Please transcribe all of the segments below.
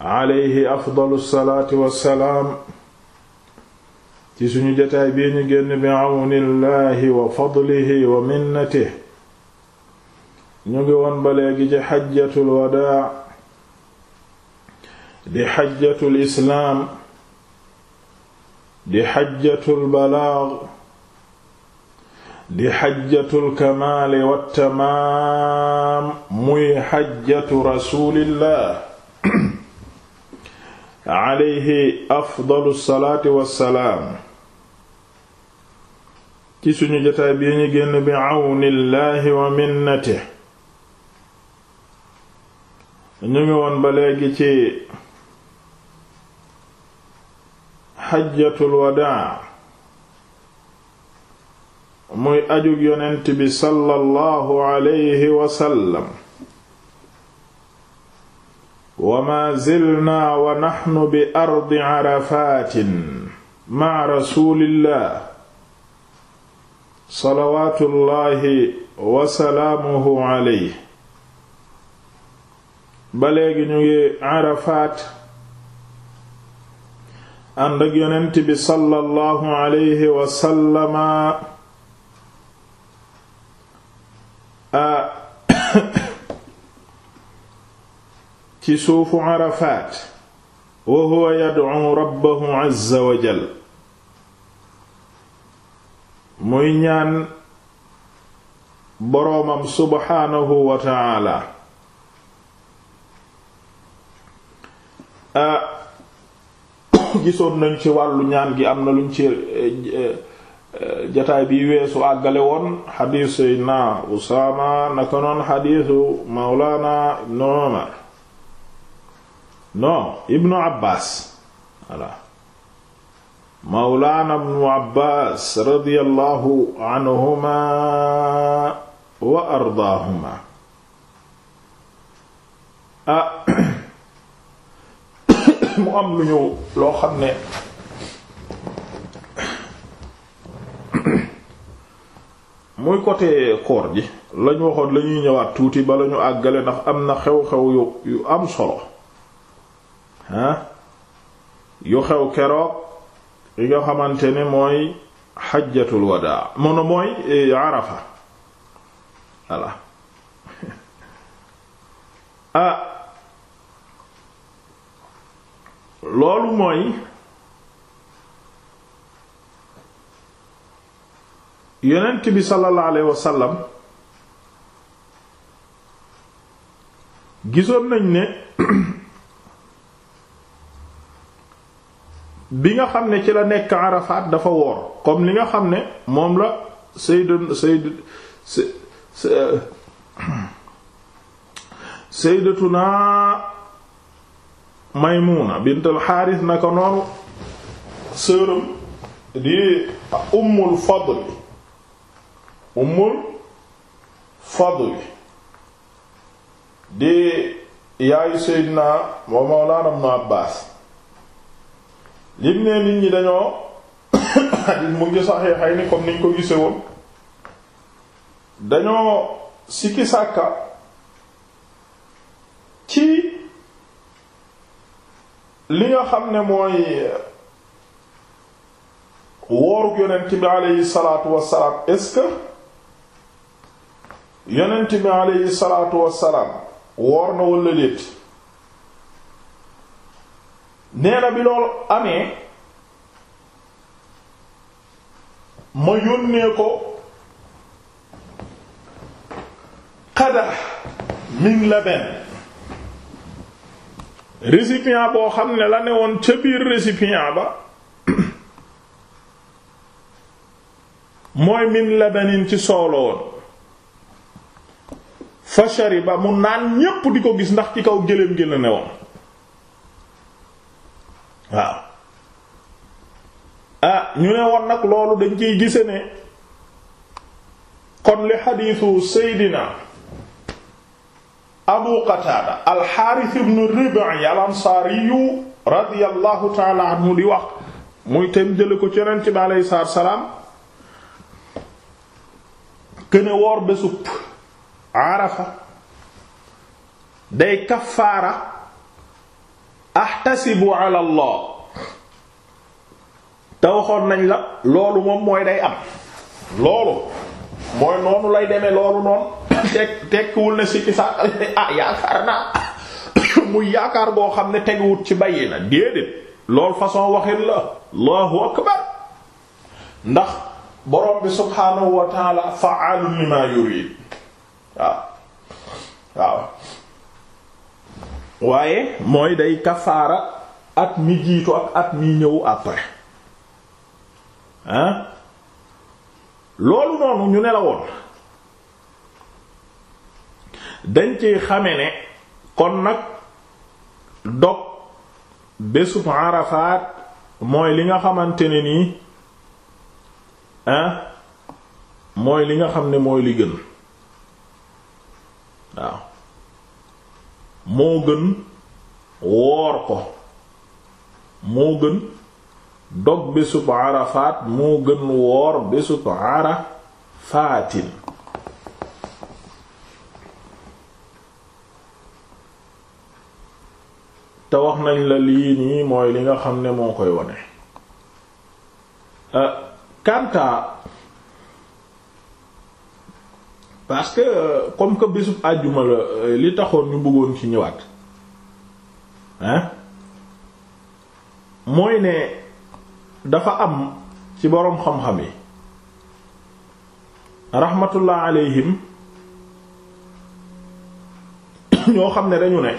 alayhi afdalu salaati wassalaam ci suñu jotaay bii ñu génn bi àwnillaahi wa fadlihi wa minnatihi ñu ngi woon ba léegi ci xajjatul wadaa di xajjatul islaam di xajjatul balaag di xajjatul kamaali wattamaam muy xajjatu rasuulillah alayhi afdalu salaati wassalaam ci suñu jotaay bi ñu génn bi àwnillaahi wa minnati ñu ngi woon ba léegi ci xajjatul wadaa muy ajug yonent bi sallallahu alayhi wa sallam wa ma zilnaa wa naxnu bi ardi arafatin ma rasulillah salawaatullahi wasalaamuhu aleyhi ba léegi ñu ngi arafaat ànd ak yonent bi sallallahu aleyhi wasallama a ci suufu Arafaat wa huwa yad'u rabbahu azza wa muy ñaan boroomam subhaanahu wa ah, gisoon nañ ci wàllu ñaan gi am na luñ ci eh, eh, jataay bi weesu àggale woon xadiis Seydina Usaama naka noon xadiisu Mawlaana Ibn non ibnu abbas voilà mawlaana ibnu abbas radiyallahu anhuma wa ardaahuma ah mu am lu ñu loo xam ne muy côté koor ji lañu waxoon lañuy ñëwaat tuuti ba lañu àggale ndax am na xew-xew yu yu am solo ah yu xew keroog yi nga xamante ne mooy xajjatul wadaa mono mooy e, arafa voilà ah loolu mooy yonent bi sallallahu alayhi gisoon nañ ne bi nga xam ne ci la nekk Arafat dafa woor comme li nga xam ne moom la sayyidu sayyidu sayyidatuna Maymuna bint al-Harith naka noonu sëram di Ummul Fadl Ummul Fadl di yaayu Seydina wa Mawlana Ibn Abbas lim ne nit ñi dañoo mu ngi saxeexay ni comme niñ ko gise woon dañoo sikki sàkka ci li nga xam ne mooy woorug yonent bi aleyhi salaatu wassalaam est-ce que yonent bi aleyhi salaatu wassalaam woor na walla léet nee na bi loolu amee ma yónnee ko qadax min laben récipient boo xam ne la ne woon ca biir récipient ba mooy min labanin ci soow la woon fa shariba mu naan ñépp di ko gis ndax ci kaw gëléem gi la ne woon waaw ah ñu ne woon nag loolu dañ ciy gise ne kon li xadiisu seydina abu qataada alxaaris ibnu rib'i al ansaariyu radiyallahu di wax muy tem jële ko ci yonent bi aleyhi salaam këne woor bésub arafa day kafaara ahtasibu ala Allah te waxoon nañ la loolu moom mooy day am loolu mooy noonu lay demee loolu noonu tek tekkiwul ne sikki sàkk ah yaakaar naa muy yaakaar boo xam ne teguwut ci bàyyi na déedéet loolu façon waxin la allahu akbar ndax boroom bi subhaanahu wa taala fa'aalun lima yurid waaw waaw waaye mooy day kafaara at mi jiitu ak at mi ñëw après hein loolu noonu ñu ne la woon dañ ci xame ne kon nag dog bésub Arafat mooy li nga xamante ne nii hein mooy li nga xam ne mooy li gën moo gën woor ko moo gën dog bésub arafaat moo gën woor bésub arafaatin te wax nañ la lii nii mooy li nga xam ne moo koy wone kantaa euh, parce que euh, comme que bésub àjjuma la euh, li taxoon ñu bëggoon ci ñëwaat hein mooy ne dafa am ci boroom xam-xam yi rahmatullah alayhim ñoo xam ne dañu ne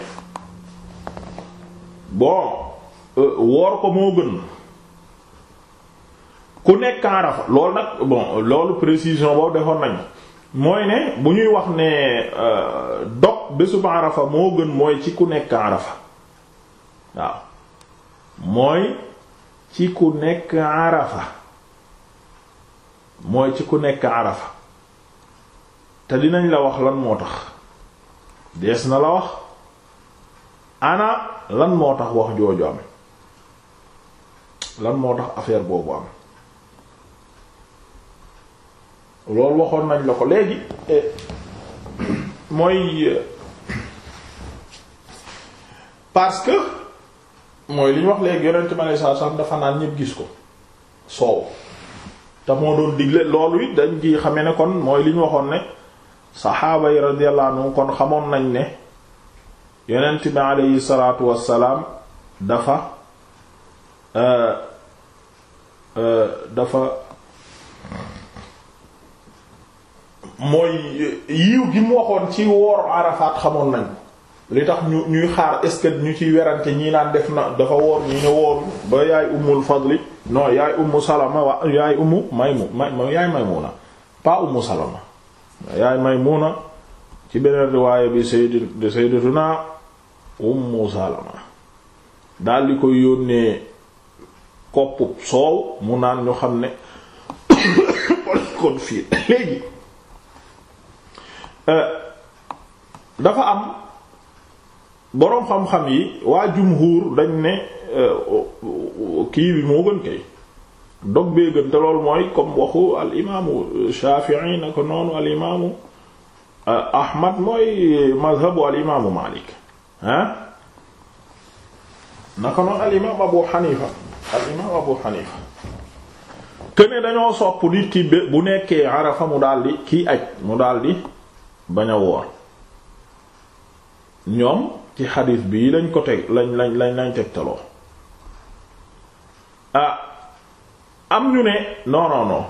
bon euh, woor ko moo gën ku nekk Arafa loolu nag bon loolu précision boobu defoon nañu mooy ne bu ñuy wax ne euh, dog bésub arafa moo gën mooy ci ku nekk arafa waaw mooy ci ku nekk arafa mooy ci ku nekk arafa te dinañ la wax lan moo tax dees na la wax ana lan moo tax wax jooju am lan moo tax affaire boobu am loolu waxoon nañ la ko léegi e, mooy e, parce que mooy li ñu wax léegi yonent mi aleyhi salaatu salaam dafa naan ñépp gis ko soow te moo doon digle loolu it dañ ci xamee ne kon mooy li ñu waxoon ne saxaaba yi radiyallahu anhum kon xamoon nañ ne yonent bi aleyhi salaatu salaam dafa e, dafa mooy yiw gi mu waxoon ci wooru Arafat xamoon nañ li tax ñu ñuy xaar est-ce que ñu ciy werante ñii naan def na dafa woor ñi ne woor ba yaay ummul fadli non yaay ummu salama wa yaay ummu maymu may yaay maymuna pas ummu salama yaay maymuna ci beneen riwaaye bi sayyidu sayyidatuna ummu salama daal di koy yónnee kopp soow mu naan ñu xam ne kon fii léegi Euh, dafa am boroom xam-xam yi waa jumhuur dañ ne euh, kii bi moo gën kay dog bee gën te loolu mooy comme waxu al imaamu Shafi'i na noonu al imaamu euh, Ahmad mooy mazhabu al imaamu Malik ah na noonu al imaam Abu Hanifa këne dañoo sopp nit ki bu nekkee Arafa mu daldi kii aj mu daldi bañ ñoom ci xadis bii lañ ko teg lañ lañ lañ lañ tegtaloo ah am ñu ne non non non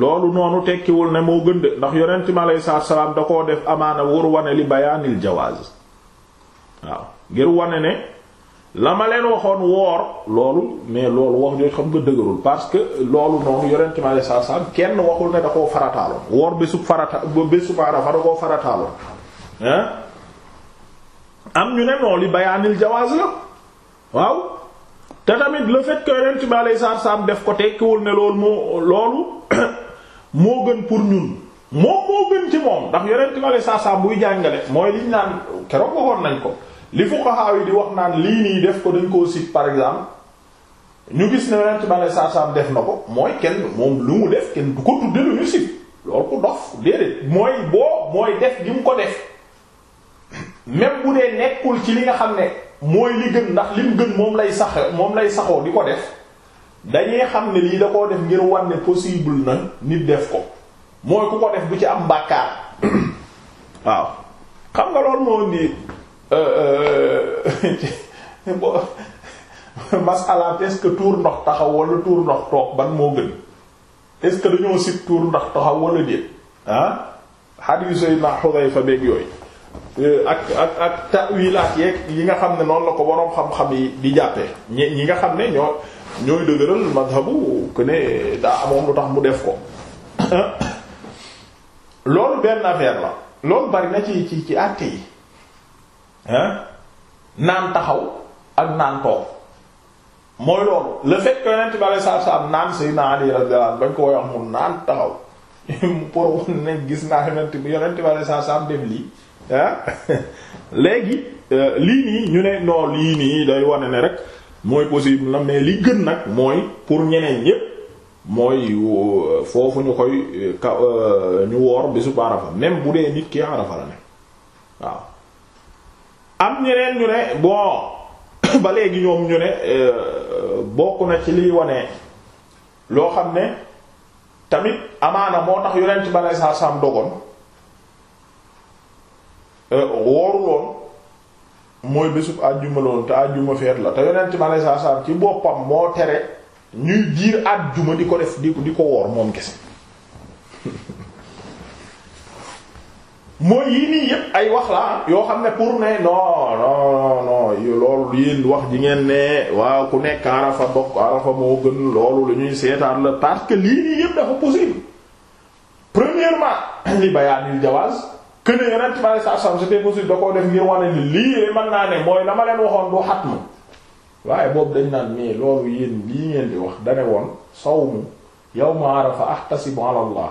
loolu noonu tekkiwul ne moo gën de ndax yonent mi aleyhi salaatu da koo def amaana wur wane li bayaanil jawaaz waaw ngir wane ne. la ma leen waxoon woor loolu mais loolu wax jooju xam nga dëgërul parce que loolu noonu yorente ma kenn waxul ne da koo farataaloon woor bésub farata bésub Arafa da koo farataaloon hein am ñu ne noonu li bayaanil jawaaz la waaw te tamit le fait que yorente def ko tekkiwul ne loolu moo loolu moo gën pour ñun moom moo gën ci moom ndax yorente ma lay buy jàngale mooy liñ naan keroog waxoon nañ ko. li fuqaha yi di wax naan lii nii def ko dañ koo sit par exemple ñu gis ne yonent bi aleyhi salaatu salaam def na ko mooy kenn moom lu mu def kenn du ko tudde lu ñu sit loolu ko dof déedéet mooy boo mooy def gi mu ko def même bu dee nekkul ci li nga xam ne mooy li gën ndax lim gën moom lay sax moom lay saxoo di ko def dañuy xam ne lii da koo def ngir wan possible na nit def ko mooy ku ko def bu ci am bàkkaar waaw xam nga loolu moo indi Euh, euh, masala est-ce que tuur ndox taxaw wala tuur ndox toog ban moo gën est-ce que dañoo sib tuur ndox taxaw wala déet ah xadiis Seydina Xudayfa beeg yooyu euh, ak ak ak tawilaat yeeg yi nga xam ne noonu la ko boroom xam yi di jàppee ñi ñi nga xam ne ñoo ñooy dëgëral madhabu que ne daa amoon lu tax mu def ko loolu benn affaire la loolu bari na ci ci ci àtte yi naan taxaw ak naan toog mooy loolu le fekk que yonent bi alei satu salaam naan Seydina Ali radiyallahu bañ ko wax mu naan taxaw pour won gis naa yonent bi yonent bi alei satu salaam def lii léegi euh, lii nii ñu ne non lii nii day wane ne rek mooy possible na mais li gën nag mooy pour ñeneen ñépp mooy euh, foofu ñu koy euh, ka ñu woor bésu Arafa même bu dee nit ki Arafa la ne waaw am ñeneen ñu ne bon ba léegi ñoom ñu ne euh, bokk na ci liy wane loo xam ne tamit amaana moo tax yonent ba lay saa saam dogoon euh, wooru loon mooy bésub àjjuma loon te àjjuma feet la te yonent ba lay ci boppam moo tere ñuy diir àjjuma di ko def di ko di ko woor moom kese mooy yii nii yëpp ay wax la yoo xam ne pour ne non non non loolu yéen wax ji ngeen ne waaw ku nekk arafa bokk arafa moo gën loolu la ñuy seetaan la parce lii nii yëpp dafa possible premièrement li bayaanil jawaaz que ne yeneen ci bari sax sax c'était possible da koo def ngir wane ni lii de mën naa mooy la leen waxoon du xat ma waaye boobu dañ naan mais loolu yéen lii ngeen di wax da ne woon sawmu yawma arafa ahtasibu ala Allah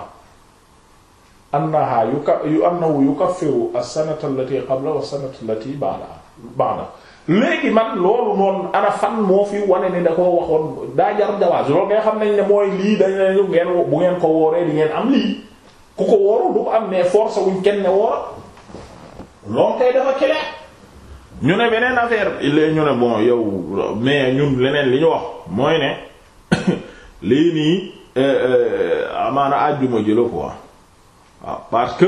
annaha yu annahu yukaffiru as-sanata allati qabla wa as-sanata allati ba'da ba'da léegi man loolu noonu ana fan moo fi wane ni da koo waxoon daa jar jawaaz loolu ngay xam nañ ne mooy lii dañ ne ngeen bu ngeen ko wooree di ngeen am lii ku ko am force wuñ kenn ne ñu ne beneen affaire léegi ñu ne bon mais ñun leneen li ñu wax mooy ne lii nii euh, euh, amaana àjjuma ji la quoi. waaw ah, parce que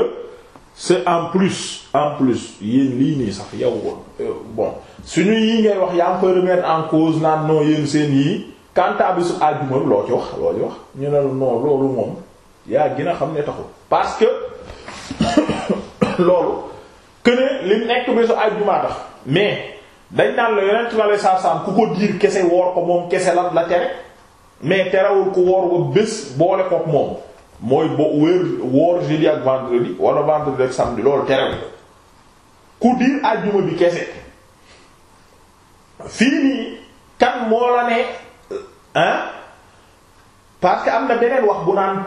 c'est en plus en plus yéen lii nii sax yow euh, bon suñu yii ngay wax yaa ngi koy remettre en cause naan non yéen seen yii kantaa bi su àjjuma bi loo ci wax loo ci wax ñu ne non xam ne parce que loolu que ne li nekk bi su àjjuma tax mais dañ naan la yonent na la sarsam ku ko diir kese woor ko moom kese la la tere mais terewul ku woor ko bés boole kook moom mooy bo wéer woor jeudi ak vendredi wala vendredi ak samedi loolu terew ku diir àjjuma bi kese fii nii kan moo la ne hein parce que am na beneen wax bu naan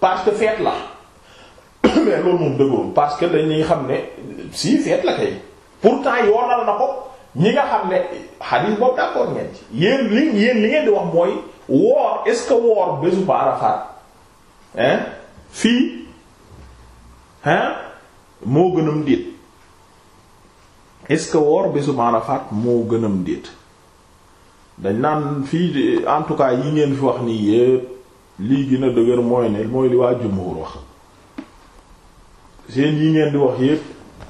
parce que feet la mais loolu moom dëggoon parce que dañuy xam ne si feet la kay pourtant yoonal na ko ñi nga xam ne xadiis boobu d'accord ngeen ci yi li yéen li ngeen di wax mooy woor est que woor bésu Arafat hein fii hein moo gënam déet est-ce que woor bésub Arafat moo gënam déet dañ naan fii en tout cas yi ngeen fi wax nii yépp lii gën a dëgër mooy ne mooy li waa jumhur wax seen yi ngeen di wax yépp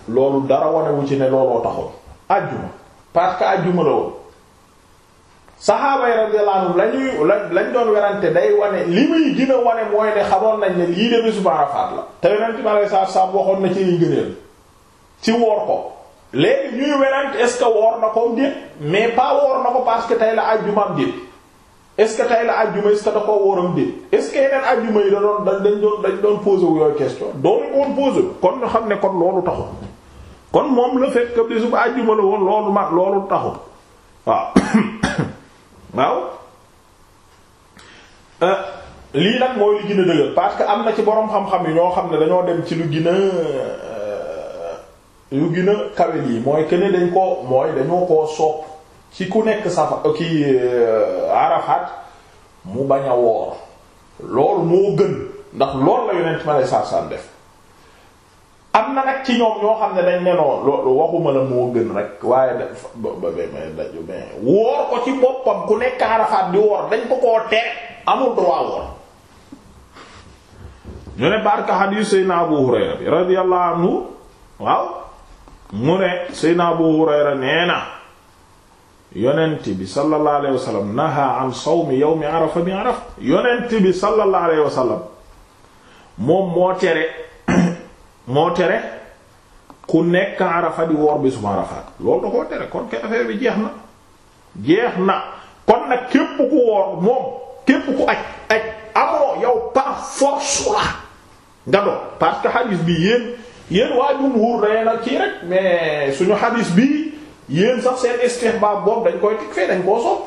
loolu dara wanewu ci ne looloo taxoon ajjuma parce que la woon saxaaba yi radiyallahu anhum lañuy lañ doon werante day wane li muy gën a wane mooy ne xamoon nañ ne lii de bésu Arafat la te yonent bi alayhi salaatu salaam waxoon na ci ngëneel ci woor ko léegi ñuy werante est woor na ko déet mais pas woor na ko parce que tey la àjjumaam déet est-ce que tey la àjjuma est-ce que da ko wooram déet est-ce que yeneen àjjuma yi da doon dañ doon dañ doon posé wu yooyu question doonu ko woon posé kon ñu xam ne kon loolu taxul kon moom le fait que bésu àjjuma woon loolu ma loolu taxul waaw euh, lii nag mooy li gën a dëgër parce que am na ci boroom xam-xam yi ñoo xam ne dañoo dem ci lu gën a euh, lu gën a kawe yi mooy kenn dañ ko mooy dañoo koo sopp ci ku nekk safa euh, ki Arafat mu bañ a woor loolu moo gën ndax loolu la yonent ma lay saar def am na nag ci ñoom ñoo xam ne dañ ne non waxuma la moo gën rek waaye dafa ba ba ba woor ko ci boppam ku nekk Arafat di woor dañ ko koo tere amul droit waaw mu ne Seydina Abu Hurayra nee na yonent bi sallallahu alayhi wa sallam naha an sawmi yawmi Arafa bi Arafa yonent bi sallallahu moom moo tere. moo tere ku nekk Arafa di woor bésub Arafaat loolu da koo tere kon kay affaire bi jeex na jeex na kon nag képp ku woor moom képp ku aj aj amoo yow par force la nga doon parce que hadis bi yéen yéen waa jumhuur dañu la kii rek mais suñu hadis bi yéen sax seen istihbaab boobu dañ koy teg fee dañ koo sopp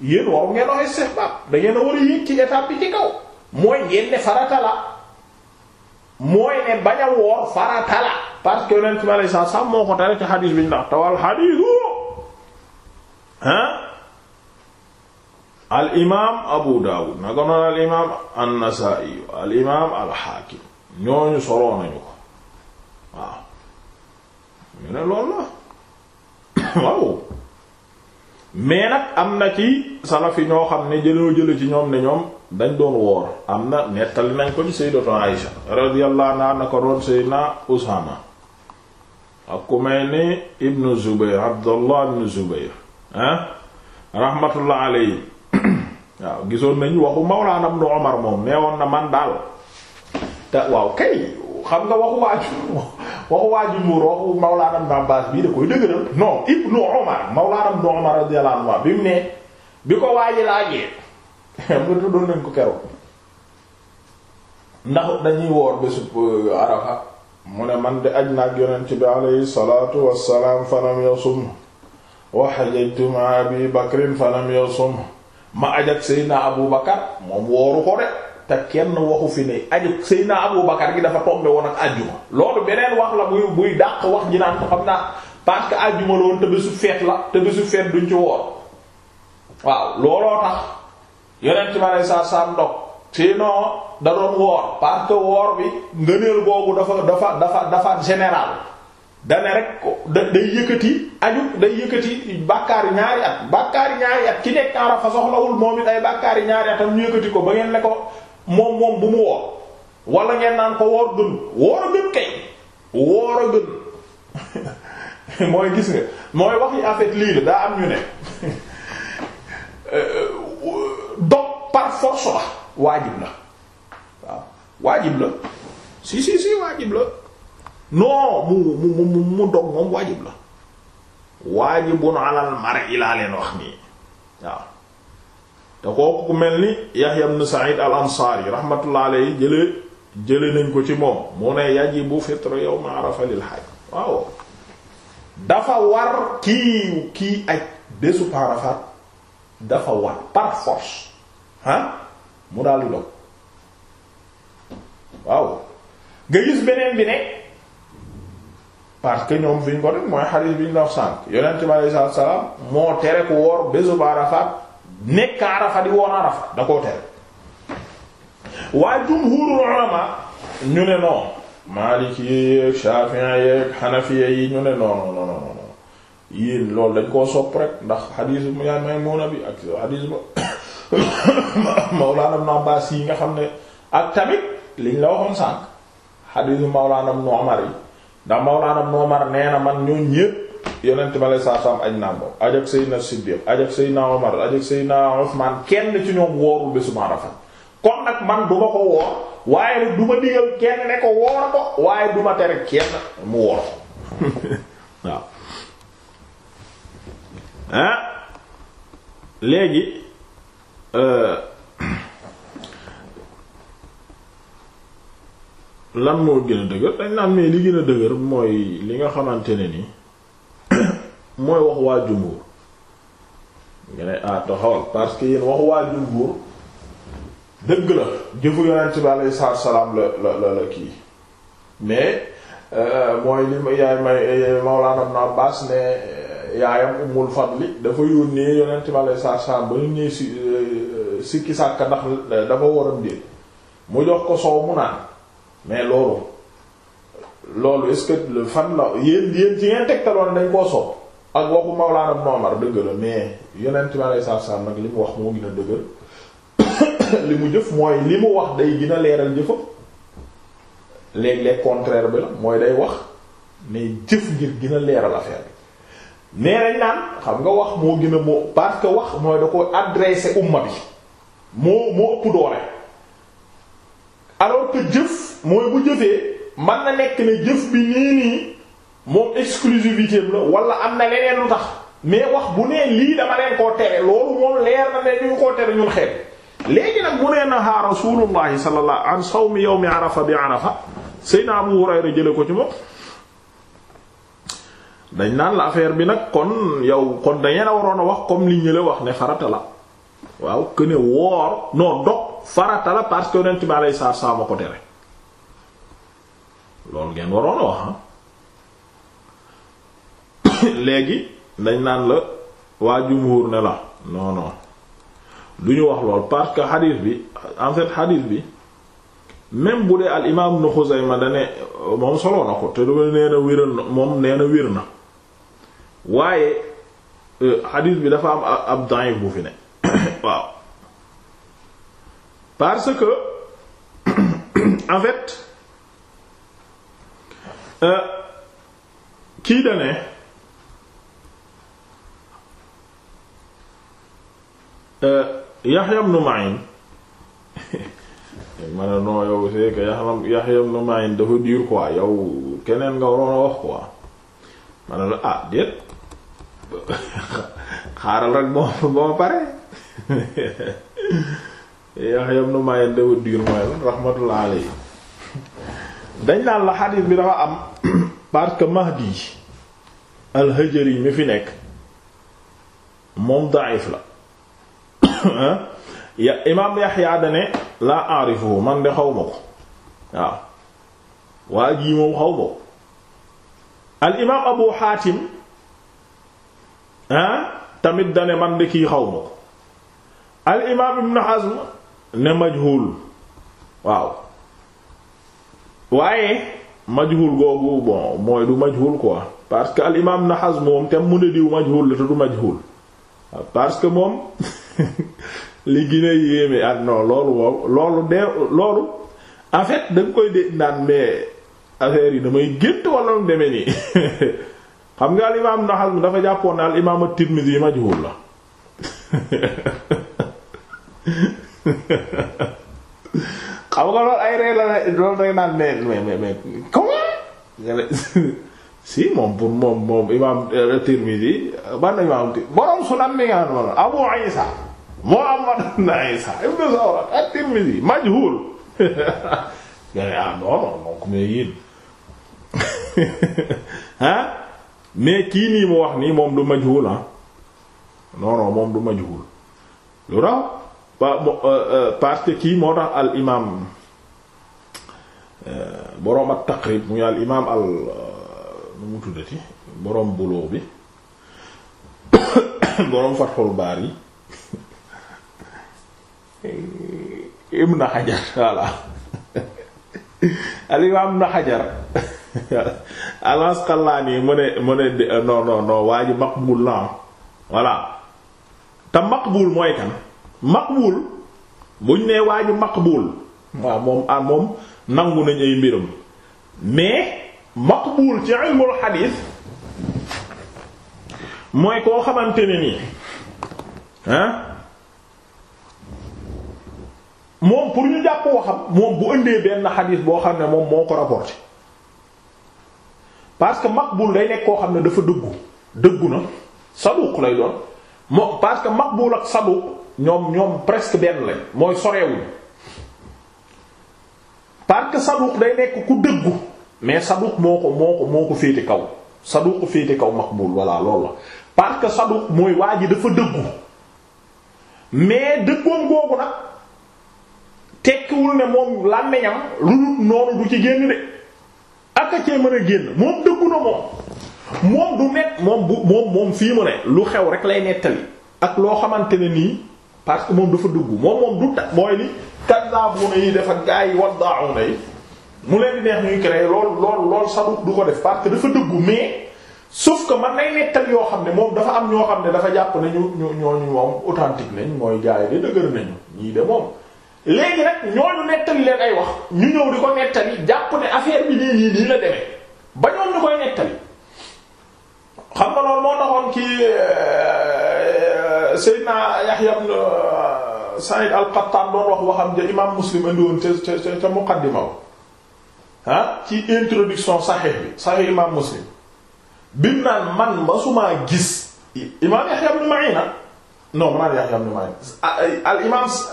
yéen waru ngeen wax istihbaab da ngeen war a yéeg ci étape bi ci kaw mooy ngeen ne farata mooy ne bañ a parce que yonent bi alayhi salaam moo ko tere ci xadiis bi ñu la tawal xadiisu ah al imaam Abu Dawud naka noonu al al haakim ñooñu soloo nañu ko waaw ñu ne loolu la waaw mais nag am na ci salaf yi ñoo xam ne jëloo jële ci ñoom ne ñoom. dañ doon woor am na nettali nañ ko ci sayyidatu Aïsha radiyallahu anha na ko doon sayyidina Usaama ak ku mel ni ibnu Zubayr Abdullah ibnu Zubayr ah rahmatullah waaw gisoon nañ waxu Mawlaana ibnu Umar moom na man daal bii da koy dëgëral non ibnu Umar Mawlaana ibnu Umar radiyallahu anhu bi mu ne bi ko waaji laajee xam nga tuddoon nañ ko keroog ndax dañuy woor bésub euh, arafa mu ne man de aj naag yonent bi alayhi salaatu wassalaam falam yasum wa hajjatu ma abi bakrin falam yasum ma aj ak Seydina moom wooru ko te kenn waxu fi ne aju Seydina Abu Bakar gi dafa tombe woon ak àjjuma loolu beneen wax la buy buy dàq wax ji naan xam naa parce àjjuma loolu te bésu feet la te bésu feet duñ ci woor waaw looloo tax yonent bi aleyhi salaatu salaam dog sinon da doon woor parce que woor bi ngëneel boobu dafa dafa dafa dafa général dane rek da day yëkkati aju day yëkkati bàkkaari ñaari at bàkkaari ñaari at ci nekk Arafa soxlawul moom it ay bàkkaari ñaari atam ñu yëkkati ko ba ngeen ne ko moom moom bu mu woor wala ngeen naan ko woor gën woor a gën kay woor a gën mooy gis nga mooy wax yi lii la daa am ñu ne euh, euh, dog par force la waajib la waaw waajib la si si si waajib la non mu mu mu mu dog moom waajib la waajibun alal mar'i laa leen wax nii waaw te kooku mel ni Yahya ibn Sa'id al-Ansari rahmatullah alayhi jëlee jëlee nañ ko ci moom mu ne yajibu fitr yawm Arafa lil hajj waaw dafa war kii kii aj bésu Arafat dafa war par force ah mu daal di dog waaw nga gis beneen bi ne parce ñoom fi ko def mooy xarit bi ñu la sant yonent bi alayhi salaam moo tere ku woor bésu ba Arafat nekk Arafat di woor Arafat da koo tere waaye jumhuurul ulama ñu ne non Maliki yeeg Shafi'i yeeg Hanafi yi ñu ne non non yéen loolu dañ koo sopp rek ndax xadiis mu yaay Maymuna ma Mawlaana Ibn Abbaas yi nga xam ne ak tamit liñ la waxoon sànq xadiisu Mawlaana Ibn Umar yi ndax Mawlaana Ibn Umar nee na man ñooñ ñépp yonent ma lay saasam aj naa moom aj ak Seydina Siddiq aj ak Seydina Umar aj ak Seydina Usmaan kenn ci ñoom woorul bésu Arafat kon nag man duma ko woor waaye duma digal kenn ne ko woor ko waaye duma tere kenn Ah. léegi euh, lan moo gën a dëgër dañ naan mais li gën a dëgër mooy li nga xamante ne ni mooy wax waa jumhur nga ne ah taxawal parce que yéen wax waa jumhur dëgg la jëfu yonent bi alayhi salaatu salaam la la la kii mais euh, mooy li yaay may Mawlana Ibn Abbas ne yaayam Ummul Fadli dafa yónnee yonent bi alayhi salaatu salaam ba ñu ñëw si euh, sikki sàkka ndax euh, dafa waram déet mu jox ko soow mu naan mais loolu loolu est-ce fan la yéen yéen ci ngeen tegtaloon dañ koo sopp ak waxu Mawlaana Ibn Umar dëgg la mais yonent bi alayhi salaatu salaam nag li mu wax moo gën a dëgër li mu jëf mooy li mu wax day gën a leeral jëfam léeg-léeg contraire bi la mooy day wax mais jëf ngir gën a leeral affaire bi mais dañ naan xam nga wax moo gën a moo parce que wax mooy da ko adressé umma bi moo moo ëpp doole alors que jëf mooy bu jëfee man na nekk ne jëf bi nii nii moom exclusivité la wala am na leneen lu tax mais wax bu nee lii dama leen koo tere loolu moom leer na ne ñu koo tere ñun xeet léegi nag mu nee na ha rasulullahi sallallahu an sawmi yawmi arafa bi arafa sëy na Abu Hurayra jële ko ci moom dañ naan la affaire bi nag kon yow kon dangeen a waroon a wax comme li ñu la wax ne farata la waaw que ne woor non dog farata la parce que yonent bi alayhi salaatu salaam a ko tere loolu ngeen waroon a wax ah. léegi dañ naan la waa jumhur ne la non non du ñu wax lool parce que xadiis bi en xadiis bi même bu dee al imaam Ibn Xuzayma da moom solo na ko te du nee na wéral moom nee na na. waaye xadiis euh, bi dafa am ab da'if bu fi ne waaw parce que en fait euh, kii dane euh, Yahya ibn Ma'in ma ne non yow c'est que Yahya ibn Ma'in dafa dur quoi yow keneen nga waroon a wax quoi ma ne la ah déet xaaral rek boo boo pare Yahya ibn Ma'in dawa diir mooy la rahmatullah dañ naan la xadiis bi dafa am parce que Mahdi al mi fi nekk moom da'if la ya imaam Yahya dane laa aarifu man de xaw ma ko waaw waa jii moom xaw ma al imaam Abu Hatim ah tamit dane man de kii xaw ma ko al imaam ibn Hazm ne majhul waaw waaye majhul googu bon mooy du majhul quoi parce que al imaam ibn Hazm moom te mu ne diw majhul la te du majhul parce que moom li gën a yéeme ak ah, loolu loolu de loolu en fait koy dégg naan mais affaire yi damay gént wala mu demee nii xam nga al imaam naxal dafa jàppoon ne al imaam at-Tirmidhi majhul la xam nga loolu ay ree la loolu rek naan mais mais mais comment si moom pour moom moom imaam euh, Tirmidhi ban imaam borom sunan mi nga noonu Abu Isa Muhammad ibn Isa ibn Sawra at-Tirmidhi mais kii nii mu wax nii moom du majhul ah non moom du majhul lu raw euh, euh, parce que kii moo tax al borom euh, boroom at taqrib muy al al nu mu tuddati boroom buloo bi boroom Fathul Baari Ibn Hajar voilà al imaam Ibn Hajar al-Asqalaani mu ne mu ne euh, non non non waa ji bul la voilà te maqbul mooy kan maqbul buñ nee waa ji maqbul waaw moom ah moom nangu nañ ay mbiram mais maqbul ci ilmul xadiis mooy koo xamante ne nii ah. moom pour ñu jàpp waxam moom bu ëndee benn xadiis boo xam ne moom moo ko rapporté. parce que maqbul day nekk koo xam ne dafa dëggu dëggu na saduq lay doon moo parce que maqbul ak saduq ñoom ñoom presque benn lañ mooy sorewuñ parce que saduq day nekk ku dëggu mais saduq moo ko moo ko moo ko féete kaw saduq féete kaw maqbul voilà loolu la parce que saduq mooy waa yi dafa dëggu mais dëggoon googu nag tekkiwul ne moom làmmiñam lu noonu du ci génn de aka cee mën a génn moom dëggu na moom moom du net moom bu moom fii mu ne lu xew rek lay nettali ak loo xamante ne nii parce que moom dafa dëggu moom moom du ta mooy li yi dafa gaa yi wadda'una yi mu leen di neex ñuy créer lool lool lool saduk du ko def parce que dafa dëggu mais sauf que man nay nettal yoo xam ne moom dafa am ñoo xam ne dafa jàpp nañu ñu ñu ñooñu moom authentique nañ mooy gaa de dëgër nañu ñii de moom léegi nag ñooñu nettali leen ay wax ñu ñëw di jàpp ne affaire bi nii nii la demee ba ñoom ñu koy nettali xam nga loolu moo taxoon kii euh, euh, Seydina Yahya ibn euh, Sa'id al-Qattan doon wax waxam ja imaam Muslim indiwoon ca ca ca muqaddima ah ci introduction Sahih bi Sahih imaam Muslim bim naan man masumaa gis imaam Yahya ibn Ma'in ah. non man Yahya ibn Ma'in ah,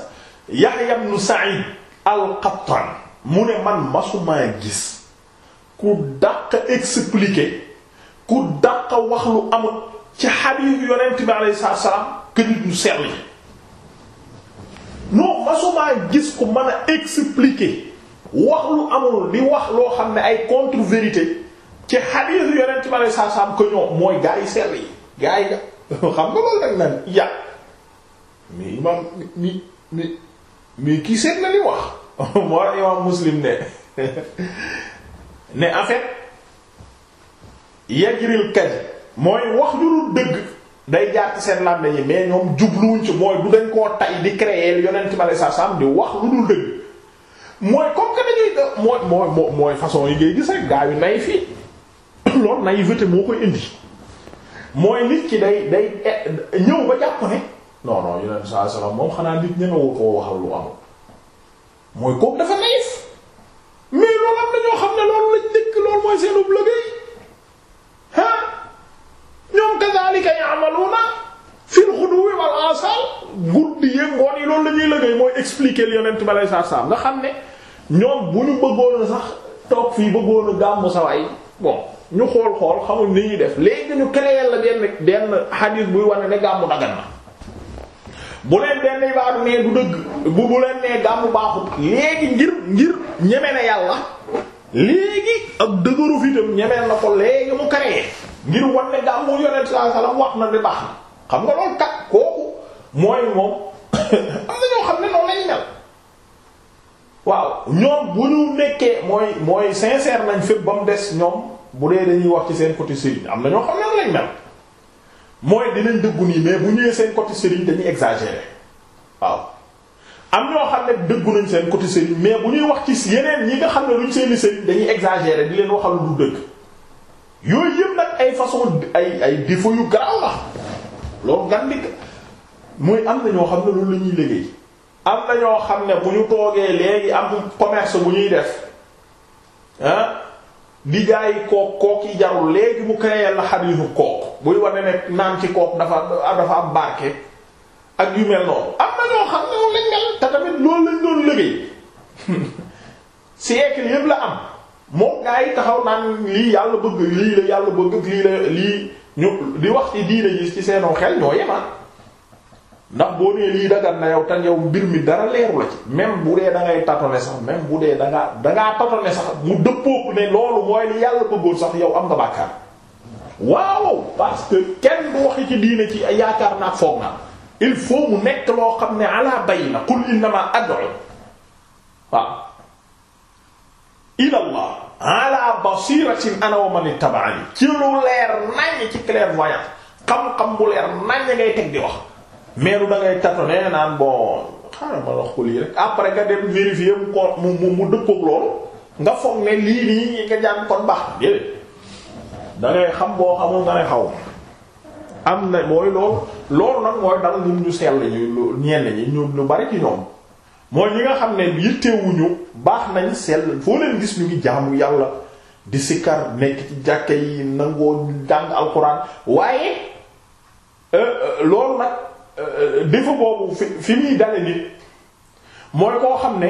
Yahya ibn Sa'id al-Qattan mu ne man masumaa gis ku daq expliquer ku daq wax lu amul ci xadiis yonent bi alayhi salaatu salaam que ñu sell yi non masumaa gis ku mën a expliquer wax lu amul di wax loo xam ne ay contre-vérité ci xadiis yonent bi alayhi salaatu wa salaam que mooy gaa sell yi gaa yi nga xam nga loolu nag naan ya mais imam mi mi mais kii seet na li wax moo imam muslim ne ne en fait yajril mooy wax lu dul dëgg day jaar ci seen làmmeñ yi mais ñoom jubluwuñ ci mooy du dañ koo tay di créer yonent ma lay sa sam wax lu dul dëgg mooy comme que dañuy mooy mooy mooy façon yi ngay gis rek gaa yu nay fii loolu naïveté moo koy indi mooy nit ki day day eh, ñëw ba jàpp ne non non yeneen saa salaam moom xanaa nit ñemewu koo waxal lu amul mooy kooku dafa naïf mais loolu am na ñoo xam ne loolu lañ dëkk mooy seen ub liggéey ah la ñuy liggéey mooy expliquer yonent ba lay saa saa nga xam ne ñoom bu ñu bëggoon a sax toog fii bëggoon a gàmmu sa waay bon ñu xool xool xamuñ ni ñuy def léegi ñu créé la benn benn hadith buy wane ne gàmmu dagan na. bu leen benn ibaadu nee du dëgg bu bu leen nee gàmmu baaxut léegi ngir ngir ñeme na yàlla léegi ak dëgëru fitam ñemeel na ko léegi mu créé ngir wan ne gàmmu yonent sallallahu wax na ne baax na xam nga loolu kat kooku mooy moom am na ñoo xam ne noonu lañu mel waaw ñoom bu ñu nekkee mooy mooy sincère nañ fépp ba mu des ñoom bu dee dañuy wax ci seen côté sëriñ am na ñoo xam ne noonu mel mooy dinañ dëggu nii mais bu ñëwee seen côté sëriñ dañuy exagérer waaw am ñoo xam ne dëggu nañ seen côté sëriñ mais bu ñuy wax ci yeneen ñi nga xam ne luñ seeni sëriñ dañuy exagérer di leen waxal du dëgg yooyu yëpp nag ay façon ay ay défaut yu garaaw la loolu ngan dikk mooy am na ñoo xam ne loolu la ñuy liggéey am na ñoo xam ne bu ñu toogee léegi am commerce bu ñuy def di jaayi kook kook yi jarul léegi mu créé la xadiisu kook buy wane ne naan ci kook dafa am barke ak yu mel noonu am na ñoo xam ne lañ mel te tamit loolu lañ doon liggéey siècle yëpp la am moo gaa yi taxaw naan lii yàlla bëgg lii la yàlla bëgg lii la lii ñu di wax ci diine yi ci seenoo xel ñoo yemaan ah. ndax boo nee lii dagan na yow tan yow mbir mi dara leeru la ci même bu dee da ngay tatone sax même bu dee da ngaa da ngaa tatone sax mu dëppoo ne loolu mooy li yàlla bëggoon sax yow am nga bàkkaar waaw parce que kenn du waxi ci diine ci yaakaar naa foog naa il faut mu nekk loo xam ne ala bayna qul innama ad'u waaw ila allah ala basiratin ana wa man ittaba'ani ci lu leer nañ ci clairvoyant xam-xam bu leer nañ ngay teg di wax meeru da ngay tâtonner naan bon xaaral ma la xul yi rek après nga dem vérifier mu ko mu mu dëppook loolu nga foog ne lii nii nga jàng kon baax na déedéet da xam boo xamul nga ne na mooy loolu loolu nag mooy dal lu bari ci ñoom mooy nga xam ne yittewuñu baax nañ sell foo leen gis ñu ngi jaamu yàlla di sikkar nekk ci jàkka yi nangoo jàng alxuraan waaye euh, euh, loolu nag. défaut boobu fi fi muy dale nit mooy koo xam ne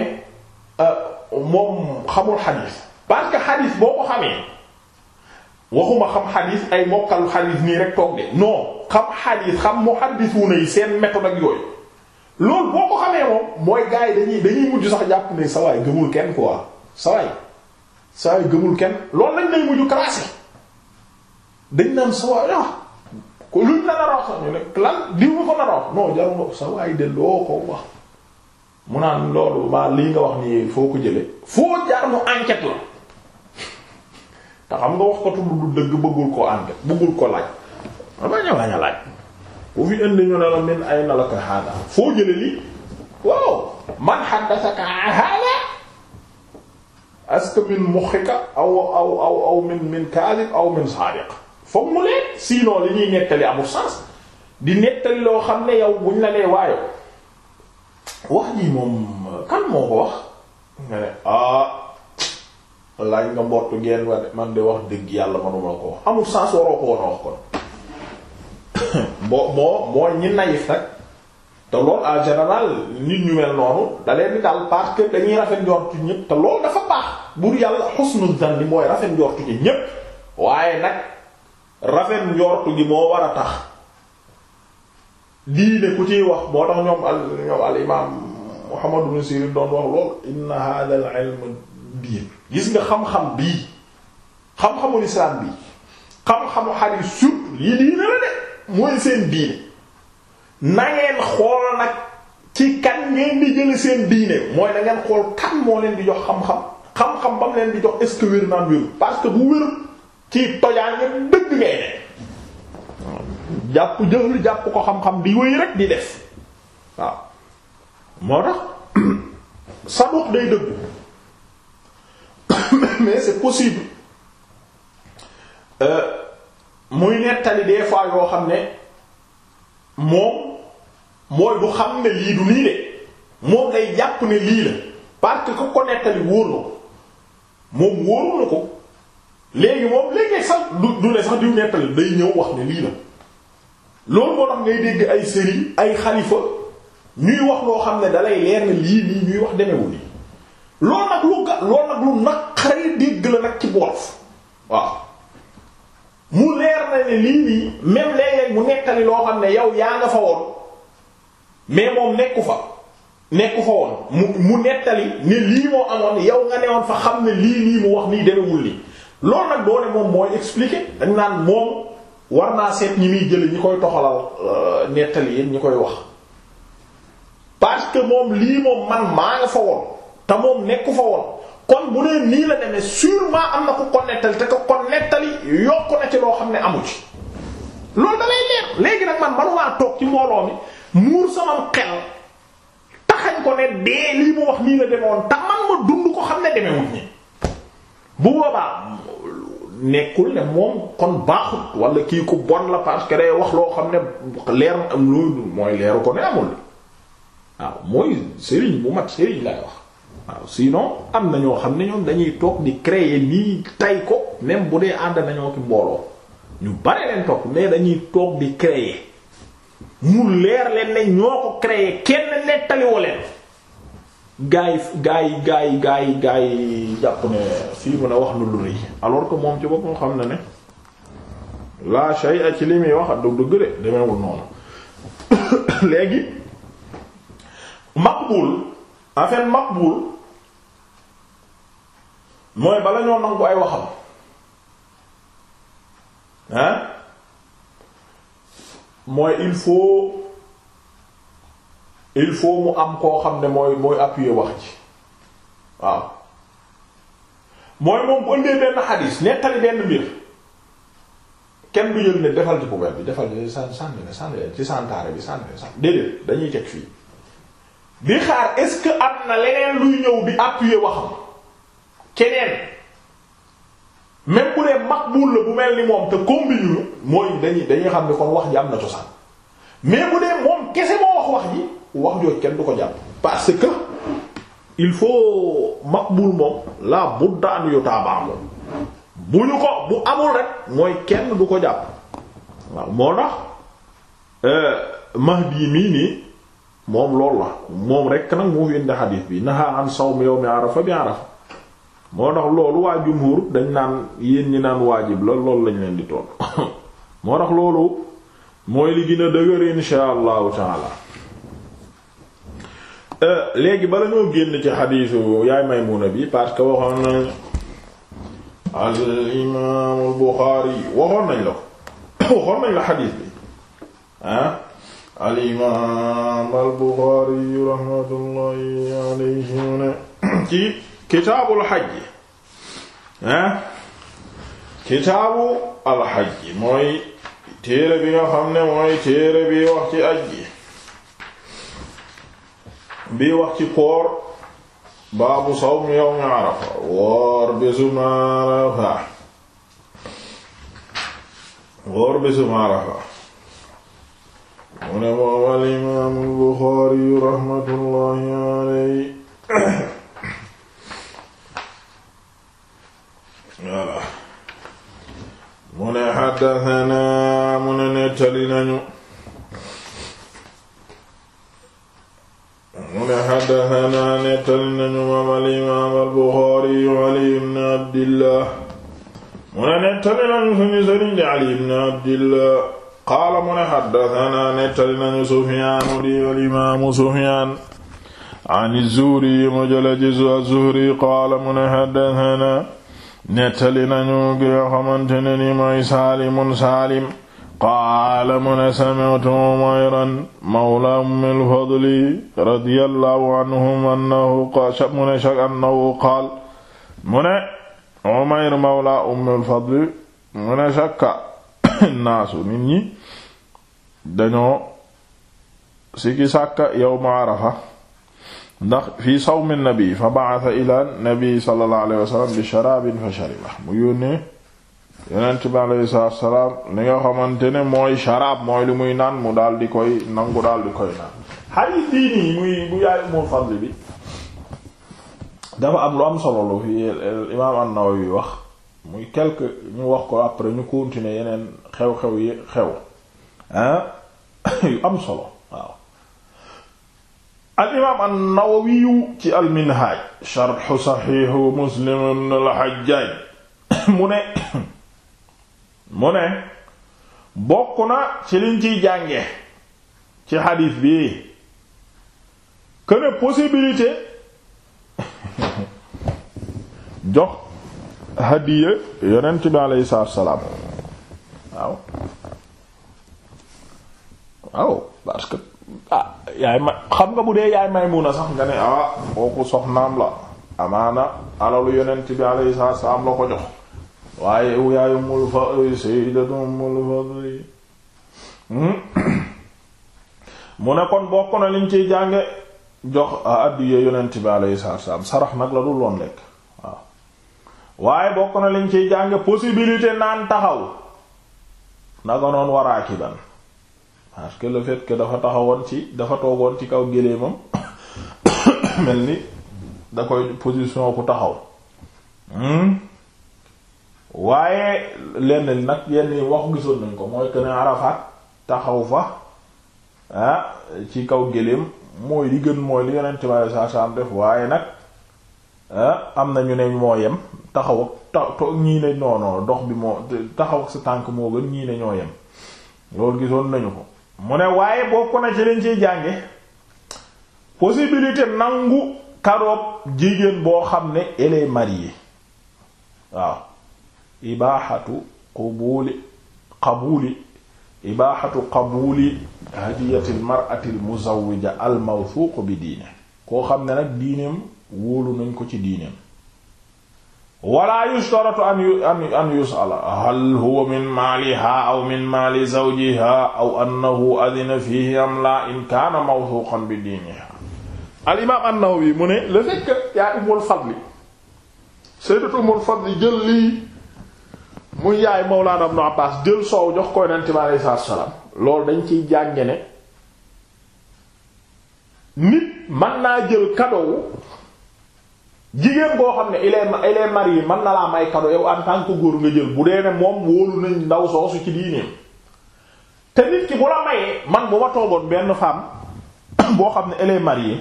euh, moom xamul xadiis parce que xadiis boo ko xamee waxuma xam xadiis ay mokkalu xadiis nii rek toog de non xam xadiis xam muhaddisuuna yi seen méthode ak yooyu loolu boo ko xamee moom mooy gars yi dañuy dañuy mujj sax jàpp ne sawaay gëmul kenn quoi sawaay sawaay gëmul kenn loolu lañ lay mujj classé dañ naan sawaay ah ko luñ la naroo sax ñu ne lan diw nga ko naroo non jarul ko sax waaye de loo ko wax mu naan loolu ba lii nga wax nii foo ko jëlee foo jaar mu enquête la te xam nga wax ko tudd dëgg bëggul ko enquête bëggul ko laaj a bañ a laaj bu fi indi ñu ne la min ay na la foo jëlee lii waaw man haddathaka hada est que min mukhika aw aw aw aw min min kadhib aw min sadiq foog mu leen sinon li ñuy nettali amul sens di nettali loo xam ne yow buñ la nee waaye wax ji moom kan moo ko wax nga ne ah laaj nga mbottu ngeen wa man de wax dëgg yàlla manuma ko wax amul sens waroo ko woon a wax kon boo moo moo ñi naïf nag te loolu en général nit ñu mel noonu da leen daal parce que dañuy rafet njortu ñépp te loolu dafa baax bur yàlla xusnu zan mooy rafet njortu ñépp waaye nag rafet njort gi moo war a tax lii diine ku ciy wax moo tax ñoom al ñoom al imaam Muhammad ibn Sirin doon wax lool inna hadha al ilm diin gis nga xam-xam bii xam-xamu lislaam bii xam-xamu xadiis surtout yi diine la de mooy seen diine na ngeen xool nag ci kan ngeen di jële seen diine mooy na xool kan moo leen di jox xam-xam xam-xam ba leen di jox est-ce que naan wéru parce bu wéru ci tojaange dëgg ngay ne jàpp jël jàpp ko xam-xam di wéy rek di def waaw moo tax saduq day dëggu mais c'est possible euh, muy nettali des fois yoo xam ne moom mooy du xam ne lii du nii de moom day jàpp ne lii la parce que ku ko nettali wóor na ko moom wóor na ko léegi moom léegi sax du ne sax diw nettali day ñëw wax ne lii la loolu moo tax ngay dégg ay sëriñ ay xalifa ñuy wax loo xam ne dalay leer na lii nii ñuy wax demewul yi loolu nag lu ga loolu nag lu dégg la nag ci borof waaw mu leer na ne lii nii même léeg mu nettali loo xam ne yow yaa nga fa woon mais moom nekku fa nekku fa woon mu mu nettali ne lii moo amoon yow nga newoon fa xam ne lii nii mu wax nii demewul nii loolu nag doo ne moom mooy expliquer dañ naan moom war naa seet ñi muy jële ñi koy toxolal euh, nettali yéen ñi koy wax parce que moom lii moom man maa nga fa woon te moom nekku fa woon kon bu nee nii la demee sûrement am na ku ko nettali te ko ko nettali yokk na ci loo xam ne amu ci loolu da lay léegi nag man manumaa toog ci mbooloo mi muur sama xel taxañ ko ne dee lii mu wax nii la demewoon te man ma dund ko xam ne demewut nii bu boobaa nekkul ne moom kon baaxut wala kii ku bon la parce que day wax loo xam ne leer am loolu mooy leeru ko ne amul waaw mooy sëriñ bu mag sëriñ lay wax waaw sinon am na ñoo xam ne ñoom dañuy toog di créer nii tay ko même bu dee ànd nañoo ki mbooloo ñu bare leen topp mais dañuy toog di créer mu leer leen ne ñoo ko créer kenn nettali woo leen gaa yi gaa gaay gaa yi gaa yi jàpp ne fii mu ne wax na lu rëy alors que moom ci boppam xam na ne la shay'a ci li muy wax dëgg dëgg de demeewul noonu léegi maqbul en fait maqbul mooy bala ñoo nangu ay waxam hein mooy il faut il faut mu am koo xam ne mooy mooy appuyer wax ci waaw mooy moom bu ëndee benn xadis nettali benn mbir kenn du yël ne defal ci poubelle bi defal ci sàn sànni na sànni ci santaare bi sànni na sànni dañuy teg fii di xaar est-ce que am na leneen luy ñëw di appuyer waxam keneen même bu dee maqbul la bu mel ni moom te combine mooy dañuy dañuy xam ne kon wax ji am na cosaan mais bu dee moom kese moo wax wax ji. wax jooj kenn du ko jàpp parce que il faut maqbul moom la buddaanu yu taabaa moom bu ñu ko bu amul rek mooy kenn du ko jàpp waaw moo tax euh, mahdi mii nii moom lool la moom rek nag moo fi indi xadiis bi naha an sawm yawmi arafa bi arafa moo tax loolu waa jumhur dañ naan yéen ñi naan waajib la loolu lañ leen di toll moo tax loolu mooy li gën a dëgër insha allahu Euh, léegi ba ñoo génn ci xadiisu yaay Maymuna bi parce que waxoon nañ al imaamul Buxaari waxoon nañ la ko waxoon nañ la xadiis bi ah al imaam al Buxaari raxmatullahi alayhi mu ne ci kitaabul xajji ah kitaabu al xajji mooy téere bi nga xam ne mooy téere bi wax ci ajji bii wax ci koor baabu sawm yawmi arafa woor bésum arafa woor bésum arafa mu ne moom al imaamu al buxaari raxmatullaahi alayhi voilà mu ne xaddasanaa mu ne nettali nañu mu ne xaddasanaa nettal nañu moom al imaam al Buxaari Ali ibn Abdillah mu ne nettali nañu suñu sëriñ di Ali ibn Abdillah qaala mu ne xaddasanaa nettali nañu Sufyaan di al imaamu Sufyaan an Zuhri mu jële ci Zuhri qaala mu ne xaddasanaa nettali nañu ki nga xamante ne ni mooy Saalimun Saalim qaala mu ne sami'tu Umayran mawla Ummil Fadli radiyallahu anhum annahu qaala mu ne annahu qaala mu ne Umayr mawla Ummil Fadli mu ne shakka naasu nit ñi dañoo siki sàkka yawma Arafa ndax fi sawmi nabi fa ba'atha ila nabi sallallahu alayhi wa sallam bi sharaabin fa shariba mu yónnee yonent bi alayhi salaatu salaam li nga xamante ne mooy sharaab mooy lu muy naan mu daal di koy nangu daal di koy naan xadiis bii nii muy bu yaay umul fadli bi dafa am lu am solo lu fi imaam an-Nawawi wax muy quelque ñu wax ko après ñu continuer yeneen xew-xew yi xew ah yu am solo waaw al imaam an-Nawawi ci al-Minhaj sharh Sahih Muslim ibn al-Hajjaj mu ne mu ne bokk na ci liñ ciy jànge ci xadiis bi que ne possibilité jox hadiya yonent bi alayhi salaam waaw waaw parce que ah yaay ma xam nga bu dee yaay Maymuna sax nga ne ah kooku soxnaam la amaana alalu yonent bi alayhi salaam la ko jox waaye yaay ummul fadli sayyidatu ummul fadli hmm? mu ne kon bokk na liñ ciy jànge jox àddiya yonent bi alayhi salaam sarax nag la dul woon lekk waaw waaye bokk na liñ ciy jànge possibilité naan taxaw naka noon waraakiban parce que le fait dafa taxawoon ci dafa toogoon ci kaw géléemam mel ni da koy position ku taxaw hmm? waaye lenn nag yenn wax gisoon nañ ko mooy que ne Arafat taxaw fa ah ci kaw gëléem mooy li gën mooy li yonent bi saa saa am def waaye nag ah, am na ñu ne moo yem taxaw ak ta to ñii ne non non dox bi moo taxaw ak sa tànk moo gën ñii ne ñoo yem loolu gisoon nañu ko. mu ne waaye bokk na ci liñ ciy jànge possibilité nangu karoop jigéen boo xam ne elle est mariée waaw. ibaahatu qubuli qabuli ibaahatu qabuli hadiyati almar'ati almuzawwija almawthuq bi diine koo xam ne nag diineem wóolu nañ ko ci diineem wala yushtaratu an an an yus'ala hal huwa min maaliha aw min maali zawjiha aw annahu adina fihi am la in kaana mawthuqan bi diiniha al imaam mu ne le fait que yaa Ummul Fadli sayyidatu Ummul Fadli jël lii muy yaay Mawlana Ibn Abbas jël soow jox ko Yonent bi aleyhi salaam loolu dañ ci jànge ne nit man naa jël cadeau jigéen boo xam ne il est il man na laa may cadeau yow en tant góor nga jël bu dee ne moom wóolu nañ ndaw soosu ci diineem te nit ki bu la mayee man bu ma toogoon benn femme boo xam ne elle est mariée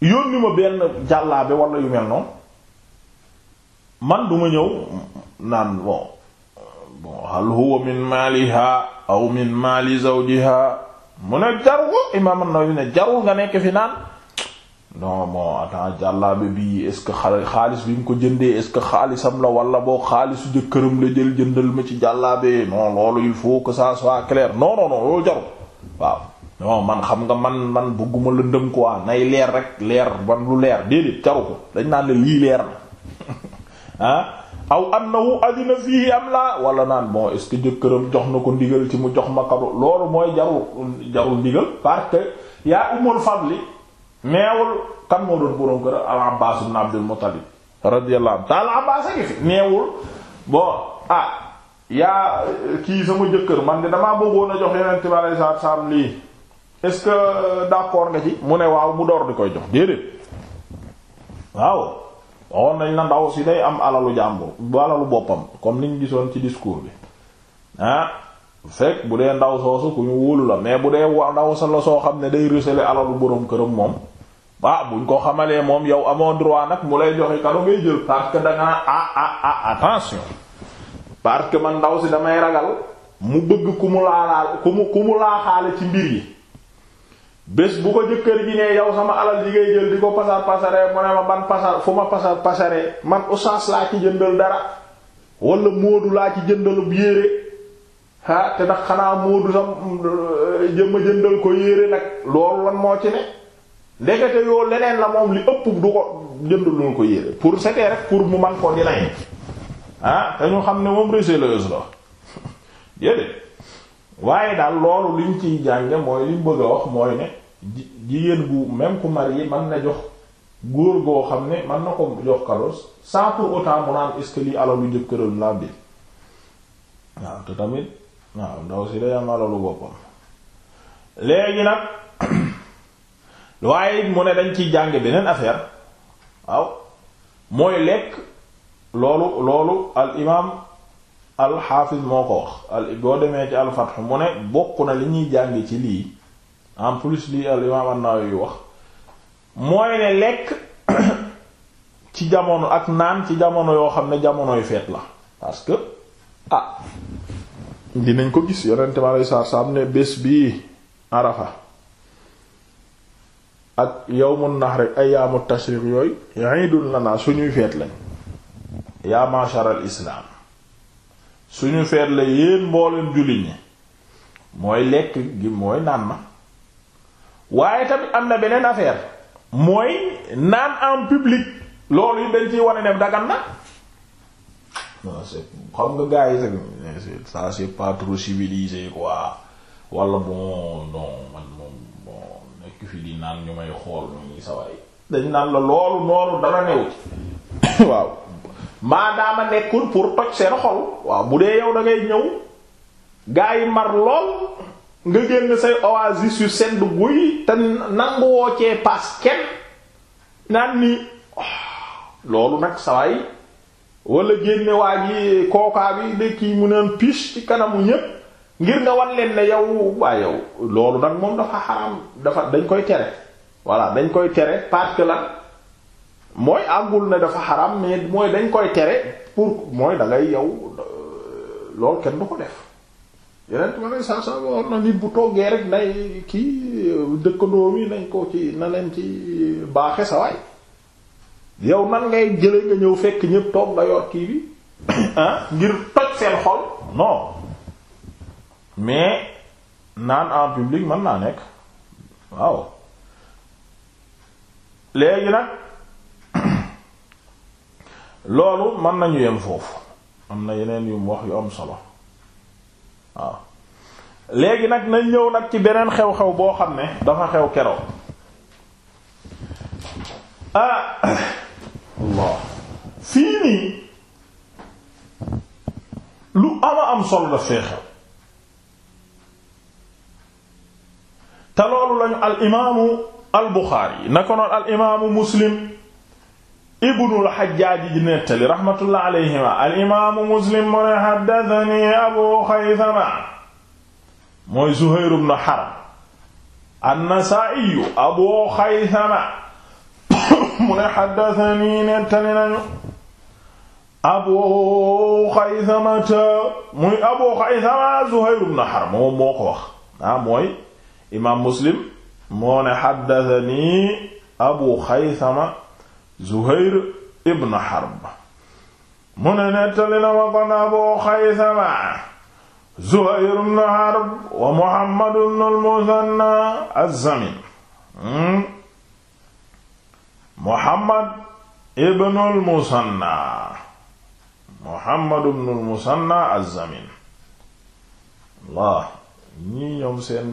yónni ma benn jàllaabe wala yu mel noonu. man duma ñëw naan bon bon hal huwa min maliha aw min mali zawjiha mu ne jarul nga nekk fi naan non bii est-ce que xaalis bi ko jëndee est-ce que xaalisam wala boo xaalisu jëkkëram la jël jëndal ma ci jàllaabe loolu il faut que ça soit clair waaw non man xam nga man man bëgguma lëndëm quoi nay leer rek leer ban lu leer déedéet jaru ko dañ naan la lii leer na ah aw annahu adina fihi am laa wala naan bon est ce jox na ko ndigal ci mu jox ma kado loolu mooy jarul jarul ndigal parce que yaa umul fadli neewul kan moo doon boroom kër al Abbaas ibn Abdul Muttalib a ngi fi neewul bon ah yaa kii sama jëkkër man de damaa bëggoon jox yeneen tubaab yi saa saam lii est ce que d'accord nga ci mu ne waaw mu door di koy jox déedéet waaw. waxoon oh, nañ la ndaw si day am alalu jàmbur bu alalu boppam comme ñu gisoon ci discours bi ah fekk bu dee ndaw soosu ku ñu wóolu la mais bu dee ndaw sa la soo xam ne day recelé alalu borom këram moom ah buñ ko xamalee moom yow amoo droit nag mu lay joxe kado ngay jël parce que da ngaa ah ah ah parce que man ndaw si damay ragal mu bëgg ku mu laalaal ku mu ku mu laaxaale ci mbir yi. bés bu ko jëkkër ji ne yow sama alal yi ngay jël di ko pasar pasare mu ne ma ban pasar fu ma pasar pasare man usaas laa ci jëndal dara wala moodu laa ci jëndalub yéere ah te ndax xanaa moodu sam euh, jëma jëndal ko yére nag loolu lan moo ci ne ndekete yoo leneen la moom li ëpp du ko jëndalul ko yére pour c'était rek pour mu man ko dinañ ah te ñu xam ne moom receleuse la déedéet waaye daal loolu liñ ciy jànge mooy liñ bëgg a wax mooy ne jigéen bu même ku marié mën na jox góor goo xam ne man na ko jox kalos sans pour autant mu naan est-ce que lii alalu jëkkëram waaw te tamit waaw ndaw si day am alalu boppam léegi nag waaye mu ne dañ ciy jànge beneen affaire waaw mooy lekk loolu loolu al imaam alxaafis moo ko wax al boo demee ci alfatx mu ne bokk na li ñuy jàng ci lii en plus lii al imaam an wax mooy ne lekk ci jamono ak naan ci jamono yoo xam ne jamonoy feet la parce que ah dinañ ko gis yonente mi alei satu salaam ne bés bii arafa ak mun nahr rek ayyaamu tashriq yooyu iidun lana suñuy feet lañ yaa ma'shar al suñu feet la yéen mboolem jullit ñi mooy lekk gi mooy naan ma waaye tamit am na beneen affaire mooy naan en public loolu yi dañ ciy wane ne dagan na xam nga gars yi c'est ça c'est pas trop civilisé quoi wala bon non man moom bon nekk fi di naan ñu may xool ñu ngi sawaay dañ naan la loolu noonu dara new waaw maadaama nekkul pour toj seen xol waaw bu dee yow da ngay ñëw gaa yi mar lool nga génn say oasis yu sedd guy te nangu woo cee paas kenn naan ni ah, loolu nag sawaay wala génne waa ji kookaa bi dëkki mu naan piche ci kanamu ñépp ngir nga wan leen ne yow waa yow loolu nag moom dafa xaram dafa dañ koy tere voilà dañ koy tere parce la mooy àggul ne dafa xaram mais mooy dañ koy tere pour mooy da ngay yow loolu kenn du ko def yeneen ma ne saa saa war na nit bu toggee rek nay kii dëkkandoo mi nañ ko ci na leen ci baaxe sa waay yow nan ngay jële nga ñëw fekk ñépp toog nga yor kii bi ah, ngir toj seen xol non mais naan en public mën naa nekk waaw léegi nag loolu mën nañu yem foofu am na yeneen yu mu wax yu am solo waaw léegi nag nañ ñëw nag ci beneen xew-xew boo xam ne dafa xew keroog ah Allah fii nii lu ama am solo daf fee xew te loolu lañu al imaamu al Buxaari na ko noon al imaamu Muslim ibnul Hajjaaj ji nettali rahmatullah alayhima al imaamu Muslim mu ne haddathanii Abu Khaythama mooy Zuhayr ibn Harb an-Nasaa'i Abu Khaythama mu ne haddathanii nettali nañu Abu Khaythama muy Abu Khaythama Zuhayr ibn Harb moom moo ko wax ah mooy imaam Muslim moo ne haddathanii Abu Khaythama Zuhayr ibn Harb mu ne nettali na ma kon Abu Xaysama Zuhayr ibn Harb wa Muhammad ibn al-Musanna az-Zamin hmm? Muhammad ibn al-Musanna Muhammad ibn al-Musanna az-Zamin Allah ñii ñoom seen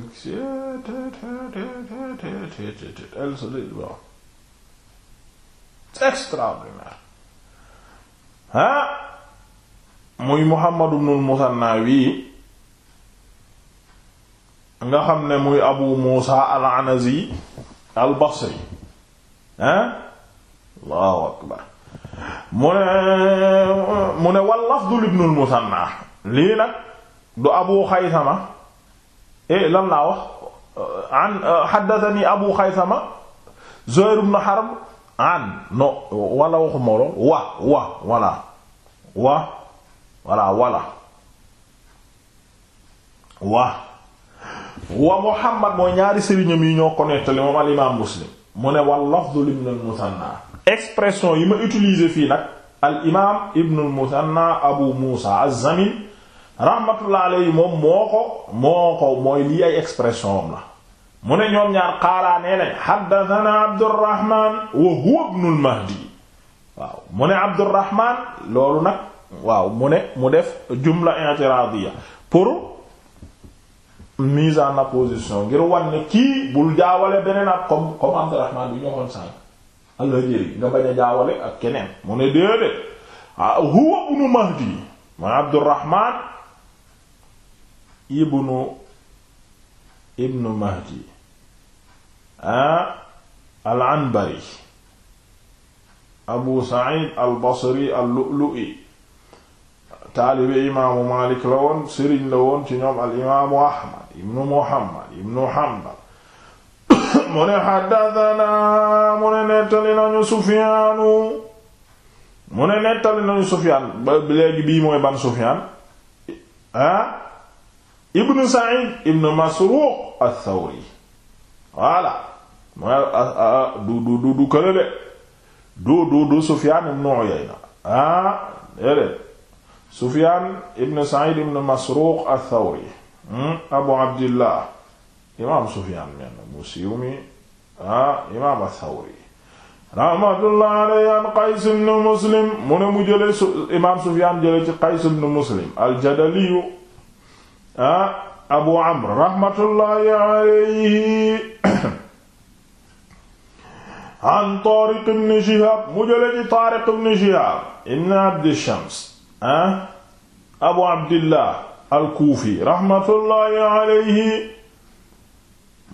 extraordinaire ah muy Muhammad ibn al-Musanna wi nga xam ne muy Abu Muusa al-Anazi al-Basri ah Allahu akbar mu ne mu ne wal lafdu ibn al lii nag du Abu Xaysama eh lan laa wax an haddathani Abu Xaysama Zuhayr ibn Harb an no wala waxuma lool wa wa wala wa wala wa wa Muhammad mooy ñaari sëriñam yi ñoo ko nettali moom al Muslim mu ne wal lafdu ibn al Musanna expression yi ma utiliser fii nag al ibn al Musanna Abu Muusa az-Zamin rahmatullah moom moo ko moo ko mooy lii ay expression am la mu ne ñoom ñaar qaalaa nee nañ xaddathana abdurrahman wa huwa ibnul mahdi waaw mu ne abdurrahman loolu nag waaw mu ne mu def jumla i'tiradiya pour mise en opposition ngir wan ne kii bul jaawale beneen ak comme comme abdurrahman bi ñu waxoon sànq allah jëri nga bañ jaawale ak keneen mu ne déedéet huwa ibnu mahdi ma abdurrahman ibnu ibnu mahdi Ah, al anbari abu said al basri al lu'lu'i taalibe imaamu malik la woon sëriñ la woon ci ñoom al imaamu ahmad ibnu muhammad ibnu hanbal mu ne xaddatanaa mu ne nettali nañu sufiaanu mu ne nettali nañu sufiaan ba léegi bii mooy ban sufiaan ah ibnu said ibnu masruq al thawri voilà mooy du du du du kële de du du du Sufyaan ibn Uyayna ah, Masruq ath-Thawri hmm? Abu Abdillah imaam Sufyaan men mu siiw mi ah imaam ath-Thawri rahmatullah alayhi Qays ibn Muslim mu mu jële imaam Sufyaan jële Qays ibn Muslim al-Jadaliyu ah, Abu Amr rahmatullahi alayhi an Taariq ibn Shihaab mu jële ci Taariq ibn Shihaab ibn Abdi Shams ah Abu Abdillah al-Kuufi rahmatullahi alayhi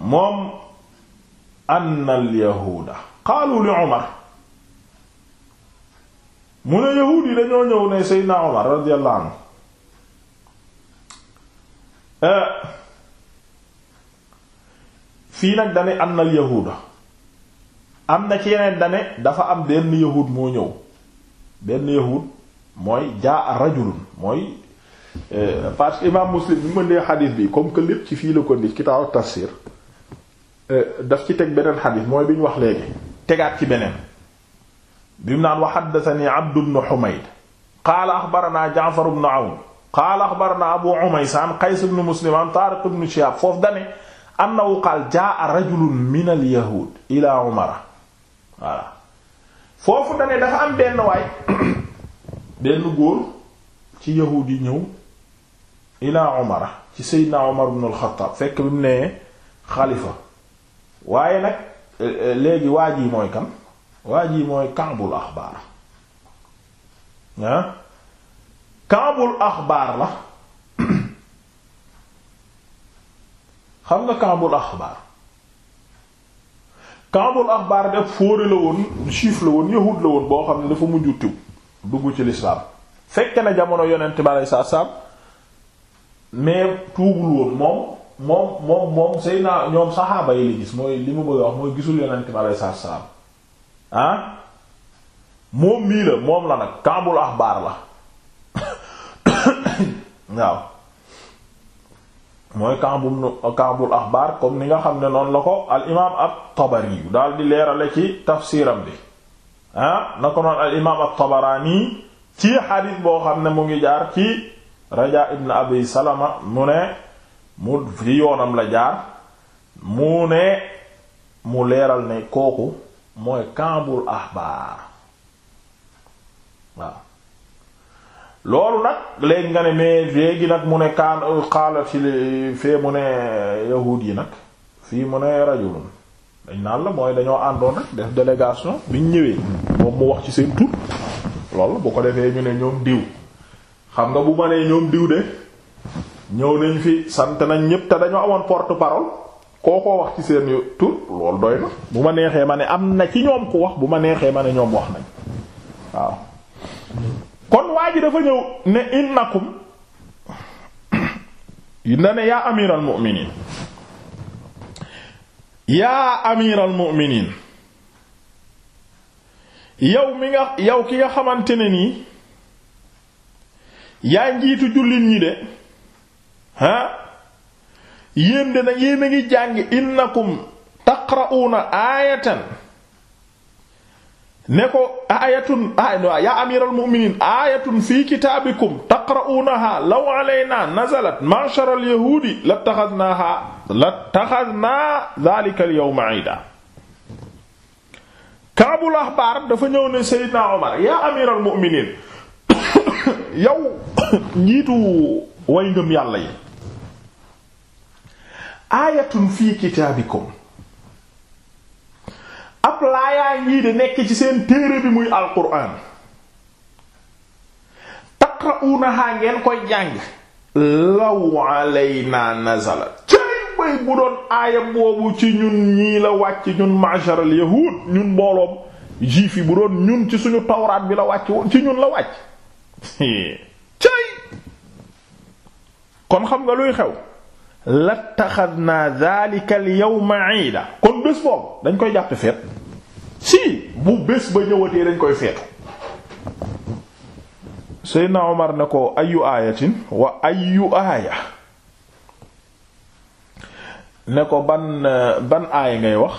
moom anna al-yahuuda qaalu li Umar mu ne yahuud yi dañoo ñëw ne Seydina Umar radiyallahu anhu eh, fii nag dane anna al-yahuuda am na ci yeneen dane dafa am benn yahud moo ñëw benn yahud mooy jaa rajulun mooy euh, parce que imam muslim bi mëndee xadis bi comme que lépp ci fii la ko ndi kitaabu tafsir euh, daf ci teg beneen xadis mooy bi ñu wax léegi tegaat ci beneen bi mu naan wa xaddatani abdu bnu xumayd qaala axbarana jaafaru bnu awn qaala axbarana abu umaysaan qays bnu muslim an taariq bnu shihaab foofu dane annahu qaal jaa rajulun min al yahud ila umara voilà foofu dane dafa am benn waay benn góor ci yahuud yi ñëw ila Umar ci Seydina Umar ibn al-Khattab fekk bi mu nee xalifa waaye nag eh, eh, léegi waaj ji mooy kan waa ji mooy Kaabul axbaar Kaabul axbaar la xam nga Kaabul axbaar Kaabul Axbaar def fóore la woon juif la woon yahud la woon boo xam ne dafa mujju tiw dugg ci lislaam fekke na jamono yonent bi aleyhi salaatu salaam mais tuubul woon moom moom moom moom sëy naa ñoom saxaaba yi la gis mooy li mu bëgg wax mooy gisul yonent bi aleyhi salaatu salaam ah? moom mii la moom la nag Kaabul Axbaar la waaw mooy kambum kambul axbaar comme ni nga xam ne noonu la ko al imaam at-Tabari daal di leerale ci tafsiram bi ah na ko noonu al imaam at-Tabarani ci xadiis boo xam ne mu ngi jaar ci Raja ibn Abi Salama mu ne mu fi yoonam la jaar mu ne mu leeral ne kooku mooy kambul axbaar waaw loolu nag léegi nga ne mais léegi nag mu ne kaan ci fii fee mu ne yahuud yi nag fii mu ne rajulun dañ naan la mooy dañoo àndoon rek def délégation biñ ñëwee moom mu wax ci seen tur loolu bu ko defee ñu ne ñoom diw xam nga bu ma nee diw de ñëw nañ fi sant nañ ñépp te dañoo amoon porte parole kookoo wax ci seen tur bu ma neexee ma ne am na ci ñoom ku wax bu ma neexee ma ne ñoom wax nañ waaw kon waa ji dafa ñëw ne innakum na ne yaa amiral mu'miniin yaa amiral mu'miniin yow mi nga yow ki nga xamante ne nii yaa njiitu jullit ñi de ah yéen de na yéen a ngi jàng innakum taqra'una aayatan ne ko aayatun a ya amiral mu'minin aayatun fi kitaabikum taqra'unaha law alayna nazalat ma'shar al-yahudi lattakhadnaha lattakhadna dhalika Kaabul Ahbaar dafa ñëw ne Seydina Omar ya amiral mu'minin yow njiitu way ngëm yàlla yi fi kitaabikum ab laayaa ngii de nekk ci seen téere bi muy alquran taqra'unaha ngeen koy jàng law alayna nazala cëy bay bu doon aaya boobu ci ñun ñii la wàcc ñun ma'sharal yahud ñun mbooloom juif bu doon ñun ci suñu tawraat bi la wàcc ci ñun la wàcc cëy kon xam nga luy xew lattaxadna dhalika al yawma iida kon bés boobu dañ koy jàppe feet bu bés ba ñëwatee dañ koy feetu Seydina Omar ne ko ayu aayatin wa ayu aaya ne ko ban ban aaya ngay wax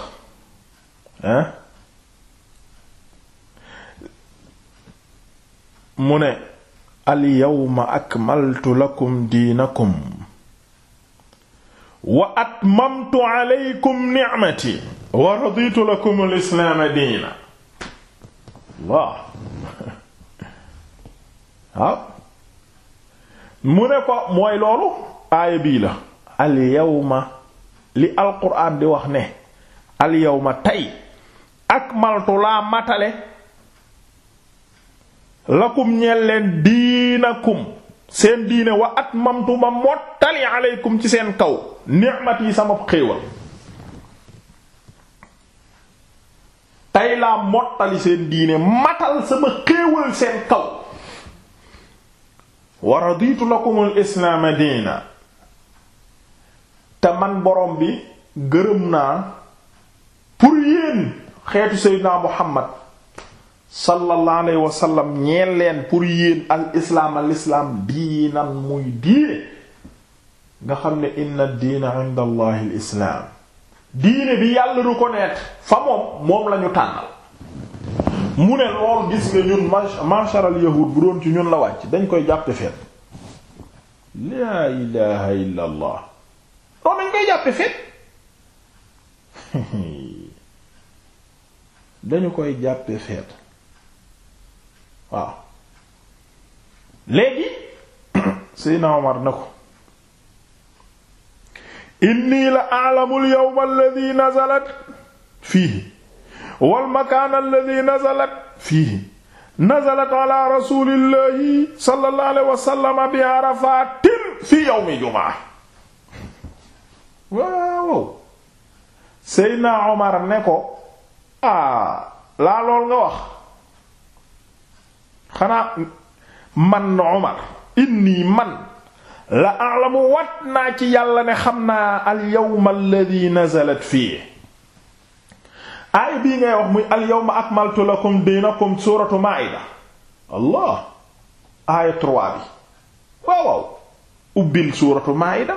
mu ne al yawma akmaltu lakum diinakum wa atmamtu alaykum ni'mati wa raditu lakum al islaama diina waaw ah. waaw mu ne ko mooy loolu aaya bii la al yawma li alquran di wax ne al yawma tey akmaltu laa matale lakum ñeel leen diinakum seen diine wa atmamtu ma mottali aleykum ci seen kaw ni'mati sama xéewal tey laa mottali seen diine matal sama xéewal seen kaw wa raditu lakum al islaama diina te man borom bi gërëm naa pour yéen xeetu seydinaa muhammad sallallahu alayhi wa sallam leen pour yéen al islaam al islaam diinan muy diine nga xam ne inna diina inda diine bi yàlla reconnaître fa moom moom lañu ñu tànnal mu ne lool gis nga ñun masharal yahud bu doon ci ñun la wàcc dañ koy jàppe feet laa ilaha illa allah loolu dañ koy jàppe feet dañu koy jàppe feet waaw léegi Seydina Omar na ko inni la a'lamu al-yawma alladhi nazalat fiihi wal makaana alladhi nazalat fiihi nazalat ala rasulillahi sallallahu alayhi wa sallam bi arafatin fi yawmi jumaa waaw Seydina Omar ne ko ah laa lool nga wax xanaa man Omar inni man la alamu wat naa ci yàlla ne xam naa al yawma alladhi nazalat fii aay bii ngay wax muy al yawma akmaltu lakum diinakum suuratu maa'ida allah aaya trois bi waaw ubbil suuratu maa'ida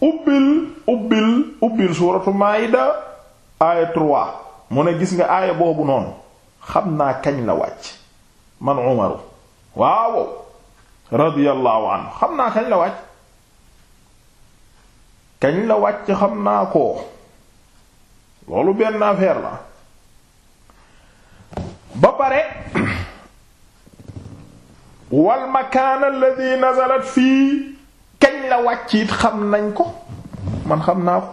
ubbil ubbil suuratu maa'ida aaya trois mu ne gis nga aaya boobu noonu xam naa kañ la wàcc man umaru waaw radiyallahu anhu xam naa kañ la wàcc kañ la wàcc xam naa ko loolu benn affaire la ba pare wal makaan alladhi nazalat fii kañ la wàcc it xam nañ ko man xam naa ko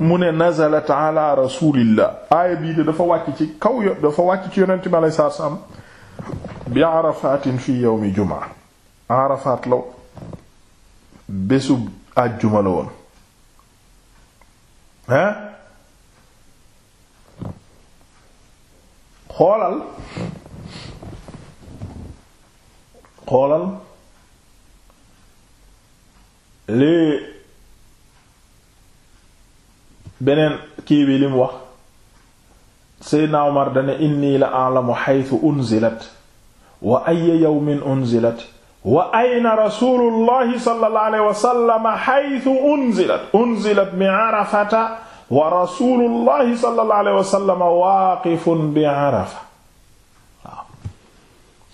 mu ne nazalat ala rasulillah aaya bii de dafa wàcc ci kaw yo dafa wàcc ci yonente bi alei saatu salaam bi arafatin fi yawmi jumaa arafat la bésub àjjuma la woon hein xoolal xoolal lii beneen kii bi li mu wax seydna Umar dane inni la a'lamu haythu unzilat wa ayya yawmin unzilat wa ayna rasulullahi sallallahu alayhi wa sallam haythu unzilat unzilat bi Arafata wa rasulullahi sallallahu alayhi wa sallam waaqifun bi Arafa waaw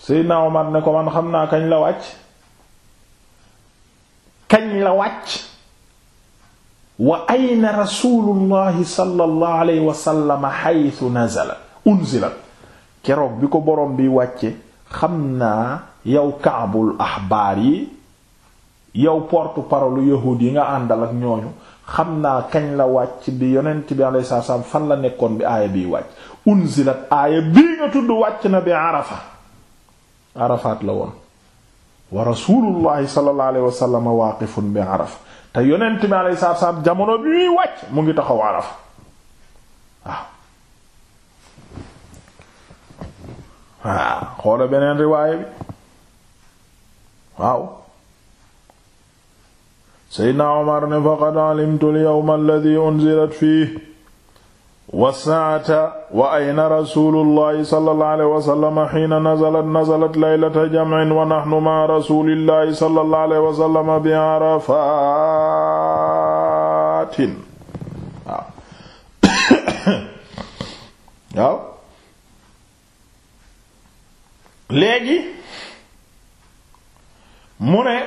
seydna Umar ne ko man xam naa kañ la wàcc kañ la wàcc wa ayna rasulullahi sallallahu alayhi wa sallam haythu nazala unzila keroog bi ko boroom bi wàcce xam naa yow kaabul axbaar yi yow porte-parole yahuud yi nga àndal ak ñooñu xam naa kañ la wàcc bi yonent bi alayhi salaam fan la nekkoon bi aaya biy wàcc unzilat aaya bii nga tudd wàcc na bi arafa arafaat la woon wa rasulullahi sallallahu alayhi wa sallam bi arafa te yonent mi alayhi salaatu salaam jamono bi ñuy wàcc mu ngi taxaw Arafa waaw waaw xoola beneen riwaaye bi waaw Seydina Omar ne faqad alimtu al yawma alladhi unzilat fihi wasaata wa ayna rasuulullahi sallallahu alayhi wa sallam hiina nazalat nazalat laylata jam'in wa nahnu ma'a rasuulillahi sallallahu alayhi wa sallam bi Arafaatin waaw waaw léegi mu ne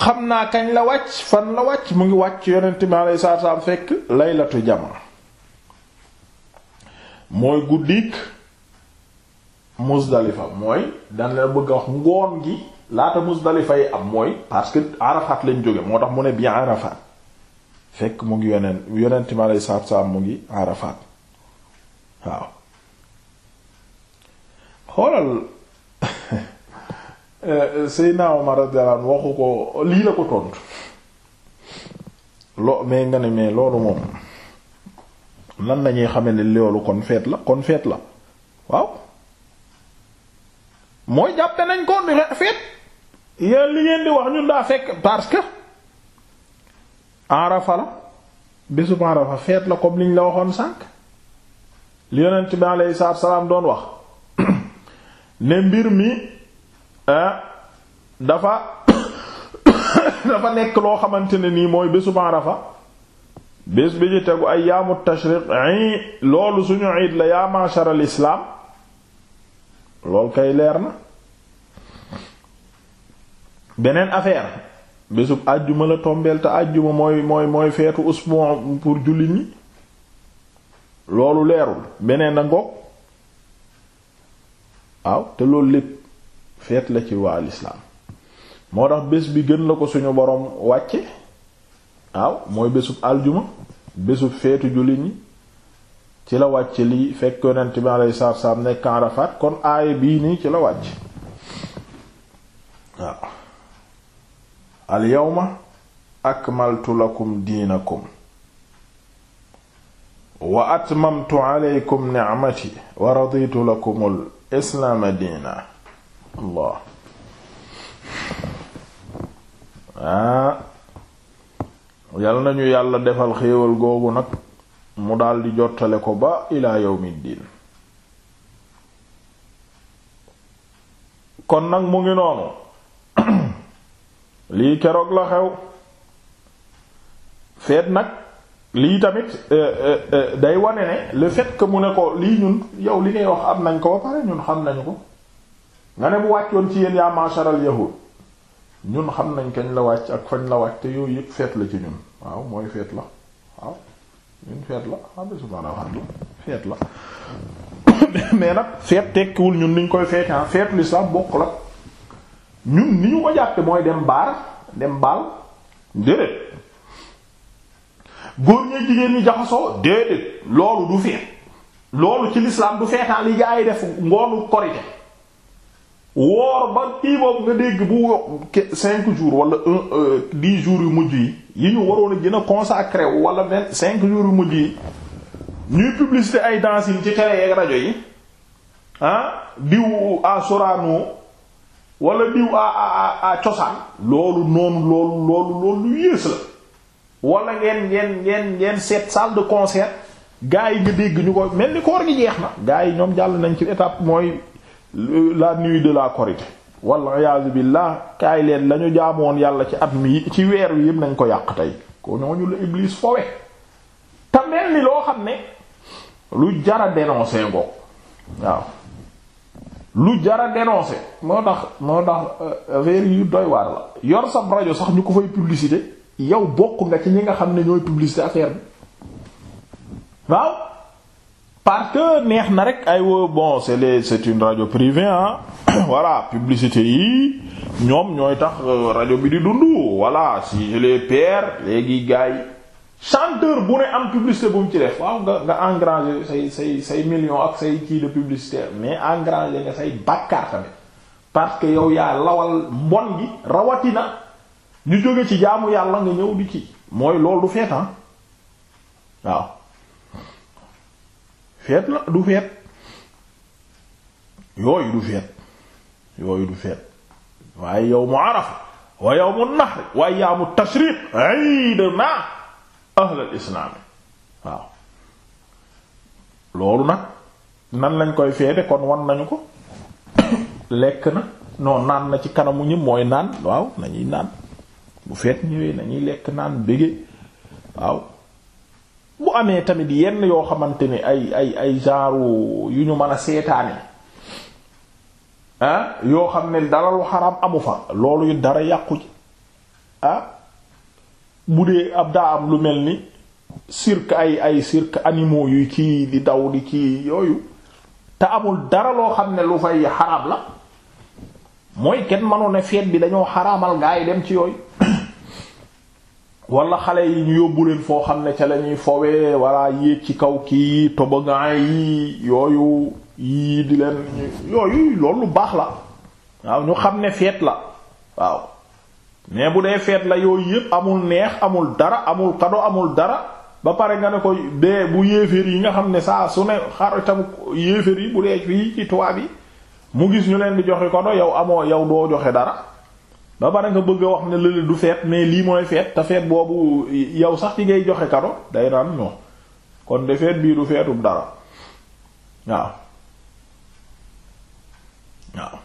xam naa kañ la wàcc fan la wàcc mu ngi wàcc yonent mi alayhi salaatu salaam fekk laylatu jamaa mooy guddik Muzdalifa mooy daan la bëgg a ngoon gi laata Muzdalifa yi am mooy parce que Arafat lañ jóge moo tax mu ne bi Arafat fekk mu ngi yonent yonent mi alayhi salaatu salaam mu ngi Arafat waaw xoolal Eh, Seydina Omar radiyallahu anhu waxu ko lii la ko tontu lo mais nga ne mais loolu moom lan lañuy xame ni loolu kon feet la kon feet la waaw mooy jàppe nañ ko feet yéen li ngeen di wax ñun daa fekk parce que arafa la bésub arafa feet la comme liñ la waxoon sànq li yonent bi alayhi salaam doon wax ne mbir mi Euh, dafa dafa nekk loo xamante ne nii mooy bésu Arafa bés bi ci tegu ayyaamu tashriq loolu suñu iid la yaa ma'shar al islaam lool kay leer na beneen affaire bésub àjjuma la tombeel te àjjuma mooy mooy mooy feetu usbu pour jullit ñi loolu leerul beneen a ngoog waaw te loolu lépp feet la ci waa lislaam moo tax bés bi gën la ko suñu boroom wàcce waaw mooy bésub aljuma bésub feetu jullit ñi ci la wàcc lii fekk yonent bi alayhi salaatu salaam nekk Arafat kon aaya bii nii ci la wàcc waaw al ak akmaltu lakum diinakum wa atmamtu alaykum ni'mati wa raditu islaama diina allah ah yal nañu yàlla defal xéewal googu nag mu daldi jottale ko ba ilaa yawmiddin kon nag mu ngi noonu lii keroog la xew feet nag lii tamit eh, eh, eh, day wane ne le fait que mu ne ko lii ñun yow li ngay wax am nañ ko ba pare ñun xam nañu ko nga ne bu wàccoon ci yéen yaa masharal yahud ñun xam nañ kañ la wàcc ak fañ la wàcc te yooyu yëpp feet la ci ñun waaw mooy feet la waaw ñun feet la ah bisimilah feet la mais nag feet tekkiwul ñun niñ koy feete ah, feetu lislaam bokkul ak ñun ni ñu ko jàppe mooy dem baar dem baal déedéet góor ñee jigéen ñi jaxasoo déedéet loolu du feet loolu ci lislaam du feetaan li gaa yi def ngoonu korite woor ba kii boobu nga dégg bu cinq jours wala un euh, jours yu mujj yi yi ñu waroon a gën a consacré wu wala vingt cinq jours yu mujj yi ñuy publicité ay danse ci télé yeeg rajo yi ah diw à Sorano wala diw à à à cosaan loolu noonu loolu loolu lu yées la wala ngeen ngeen ngeen ngeen seet sale de concert gars yi nga dégg ñu ko mel ni koor gi jeex na gars yi ñoom jàll nañ ci étape mooy. la nuit de la Korité walla iyaazu billah kaay leen lañu jaamoon yàlla ci at mi ci weer wi yëpp nañ ko yàq tey ko ñooñu la Iblis fowe te ni loo xam ne lu jara dénoncer ngoo waaw lu jara dénoncer moo tax moo tax euh, affaire yu doy waar la yor sab rajo sax ñu ko fay publicité yow bokk nga ci ñi nga xam ne ñooy publicité affaire bi waaw parce que neex na rek ay wo bon c'est les c'est une radio privée ah voilà publicité yi ñoom ñooy tax euh, rajo bi di dund walla si je les léegi gars yi chanteur bu ne am publicité bu ci def waaw nga nga engranger say say say million ak say kii de publicité mais engranger nga say bàkkaar tamit parce que yow yaa lawal mbon gi rawatina ñu jóge ci jaamu yàlla nga ñëw di ci mooy loolu du feetan waaw feet la du feet yooyu du feet yooyu du feet waaye yawmu arafa wa yawmu nahr wa ayyaamu tashriq iidna ahlal islaam waaw loolu nag nan lañ koy feete kon wan nañu ko lekk na noo naan na ci kanamu ñëpp mooy naan waaw nañuy naan bu feet ñëwee nañuy lekk naan bëgge waaw bu amee tamit yenn yoo xamante ni ay ay ay genre yu ñu mën a seetaane ah, yoo xam ne dara lu xaraam amu fa loolu yu dara yàqu ci ah bu dee ab daa am lu mel ni cirque ay ay cirque animaux yu kii di daw di kii yooyu te amul dara loo xam ne lu fay xaraam la mooy kenn mënu ne feet bi dañoo xaraamal gaa yi dem ci yooyu wala xale yi ñu yóbbu leen foo xam ne ca la ñuy fowee wala yéeg ci kaw kii tobogan yi yooyu yii di leen yooyu loolu lu baax la waaw ñu xam ne feet la waaw mais bu dee feet la yooyu yépp amul neex amul dara amul kado amul dara ba pare nga ne ko dee bu yéeféer yi nga xam ne saa su ne xaritam yéeféer yi bu dee fii ci tubaab yi mu gis ñu leen di joxe kado yow amoo yow doo joxe dara ba pare nga bëgg a wax ne lële du feet mais lii mooy feet te feet boobu yow sax ci ngay joxe kado day naan non kon de bii du feetum dara waaw waaw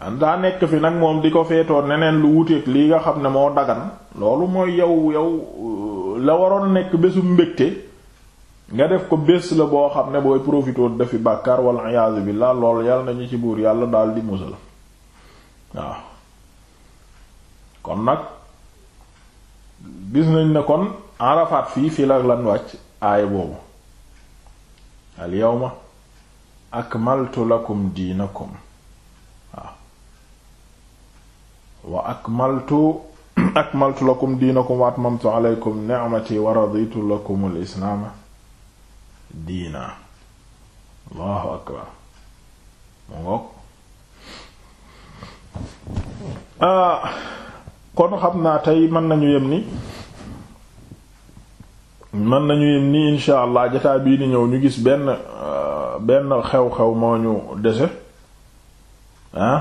an daa nekk fi nag moom di ko feetoon neneen lu wuteeg lii nga xam ne moo dagan loolu mooy yow yow euh, la waroon nekk bésu mbégte nga def ko bés la boo xam ne booy profité dafi bàkkaar wala bi laa loolu yàlla nañu ci buur yàlla daal di musal waaw kon nag gis nañ ne kon Arafat fii fii la lan wàcc aaya boobu al yawma akmaltu lakum diinakum waaw wa akmaltu akmaltu lakum diinakum wa atmamtu alaykum ni'mati wa raditu lakum al islaama diina allahu akbar mu ngoog Ah, kon xam naa tey mën nañu yem ni mën nañu yem ni insha allah jotaay bii di ñëw ñu gis benn ah, benn xew-xew moo ñu dese ah,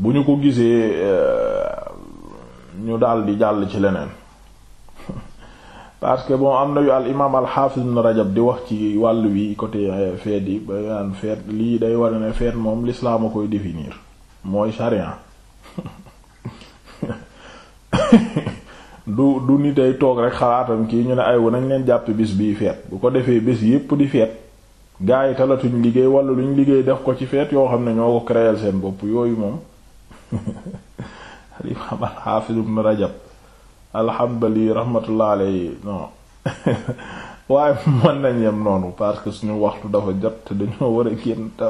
bu ñu ko gisee eh, ñu daldi jàll ci leneen parce que am na yu al imaam al xaafis ibn rajab di wax ci wàll wi côté eh, feet yi ba naan feet lii day war ne feet moom lislaam a koy définir mooy sharia du du nit ay toog rek xalaatam kii ñu ne ay nañ leen jàpp bis bii feet bu ko defee bés yépp di feet gaa yi talatuñu liggéey wala luñ liggéey def ko ci feet yoo xam ne ñoo ko créer seen bopp yooyu moom al imaam al xaafiz ibn rajab alxambali rahmatullah alayhi non waaye mën nañ yem noonu parce que suñu waxtu dafa jot te dañoo war a génn te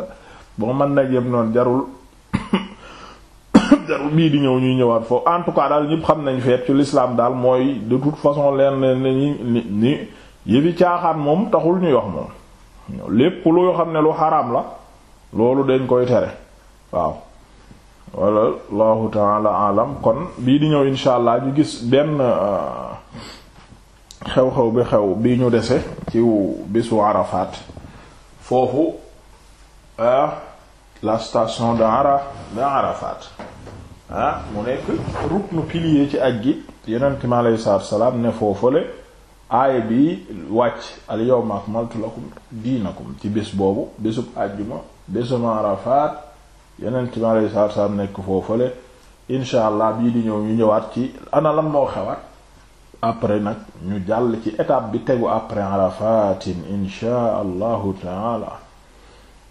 boo mën nañ yem noonu jarul jaru bii di ñëw ñuy ñëwaat foofu en tout cas daal ñëpp xam nañ feet ci lislaam daal mooy de toute façon leen ne ni ni yëfi caaxaan moom taxul ñuy wax moom lépp loo xam ne lu xaraam la loolu dañ koy tere waaw walla allahu taala alam kon bii di ñëw insha allah ñu gis benn euh, xew-xew bi xew bii ñu dese ci bisu arafaat foofu euh, la station de Araf de Arafat ah mu nekk ruknu pilier ci aj gi yonent mi alayhi salaatu salaam ne foofale aaya bi wàcc al yawma akmaltu diinakum ci bés boobu bésub àjjuma bésub Arafat yonent mi alayhi salaatu salaam nekk foofale incha allah bii di ñëw ñu ñëwaat ci ana lan moo xewaat après nag ñu jàll ci étape bi tegu après Arafatin incha allahu taala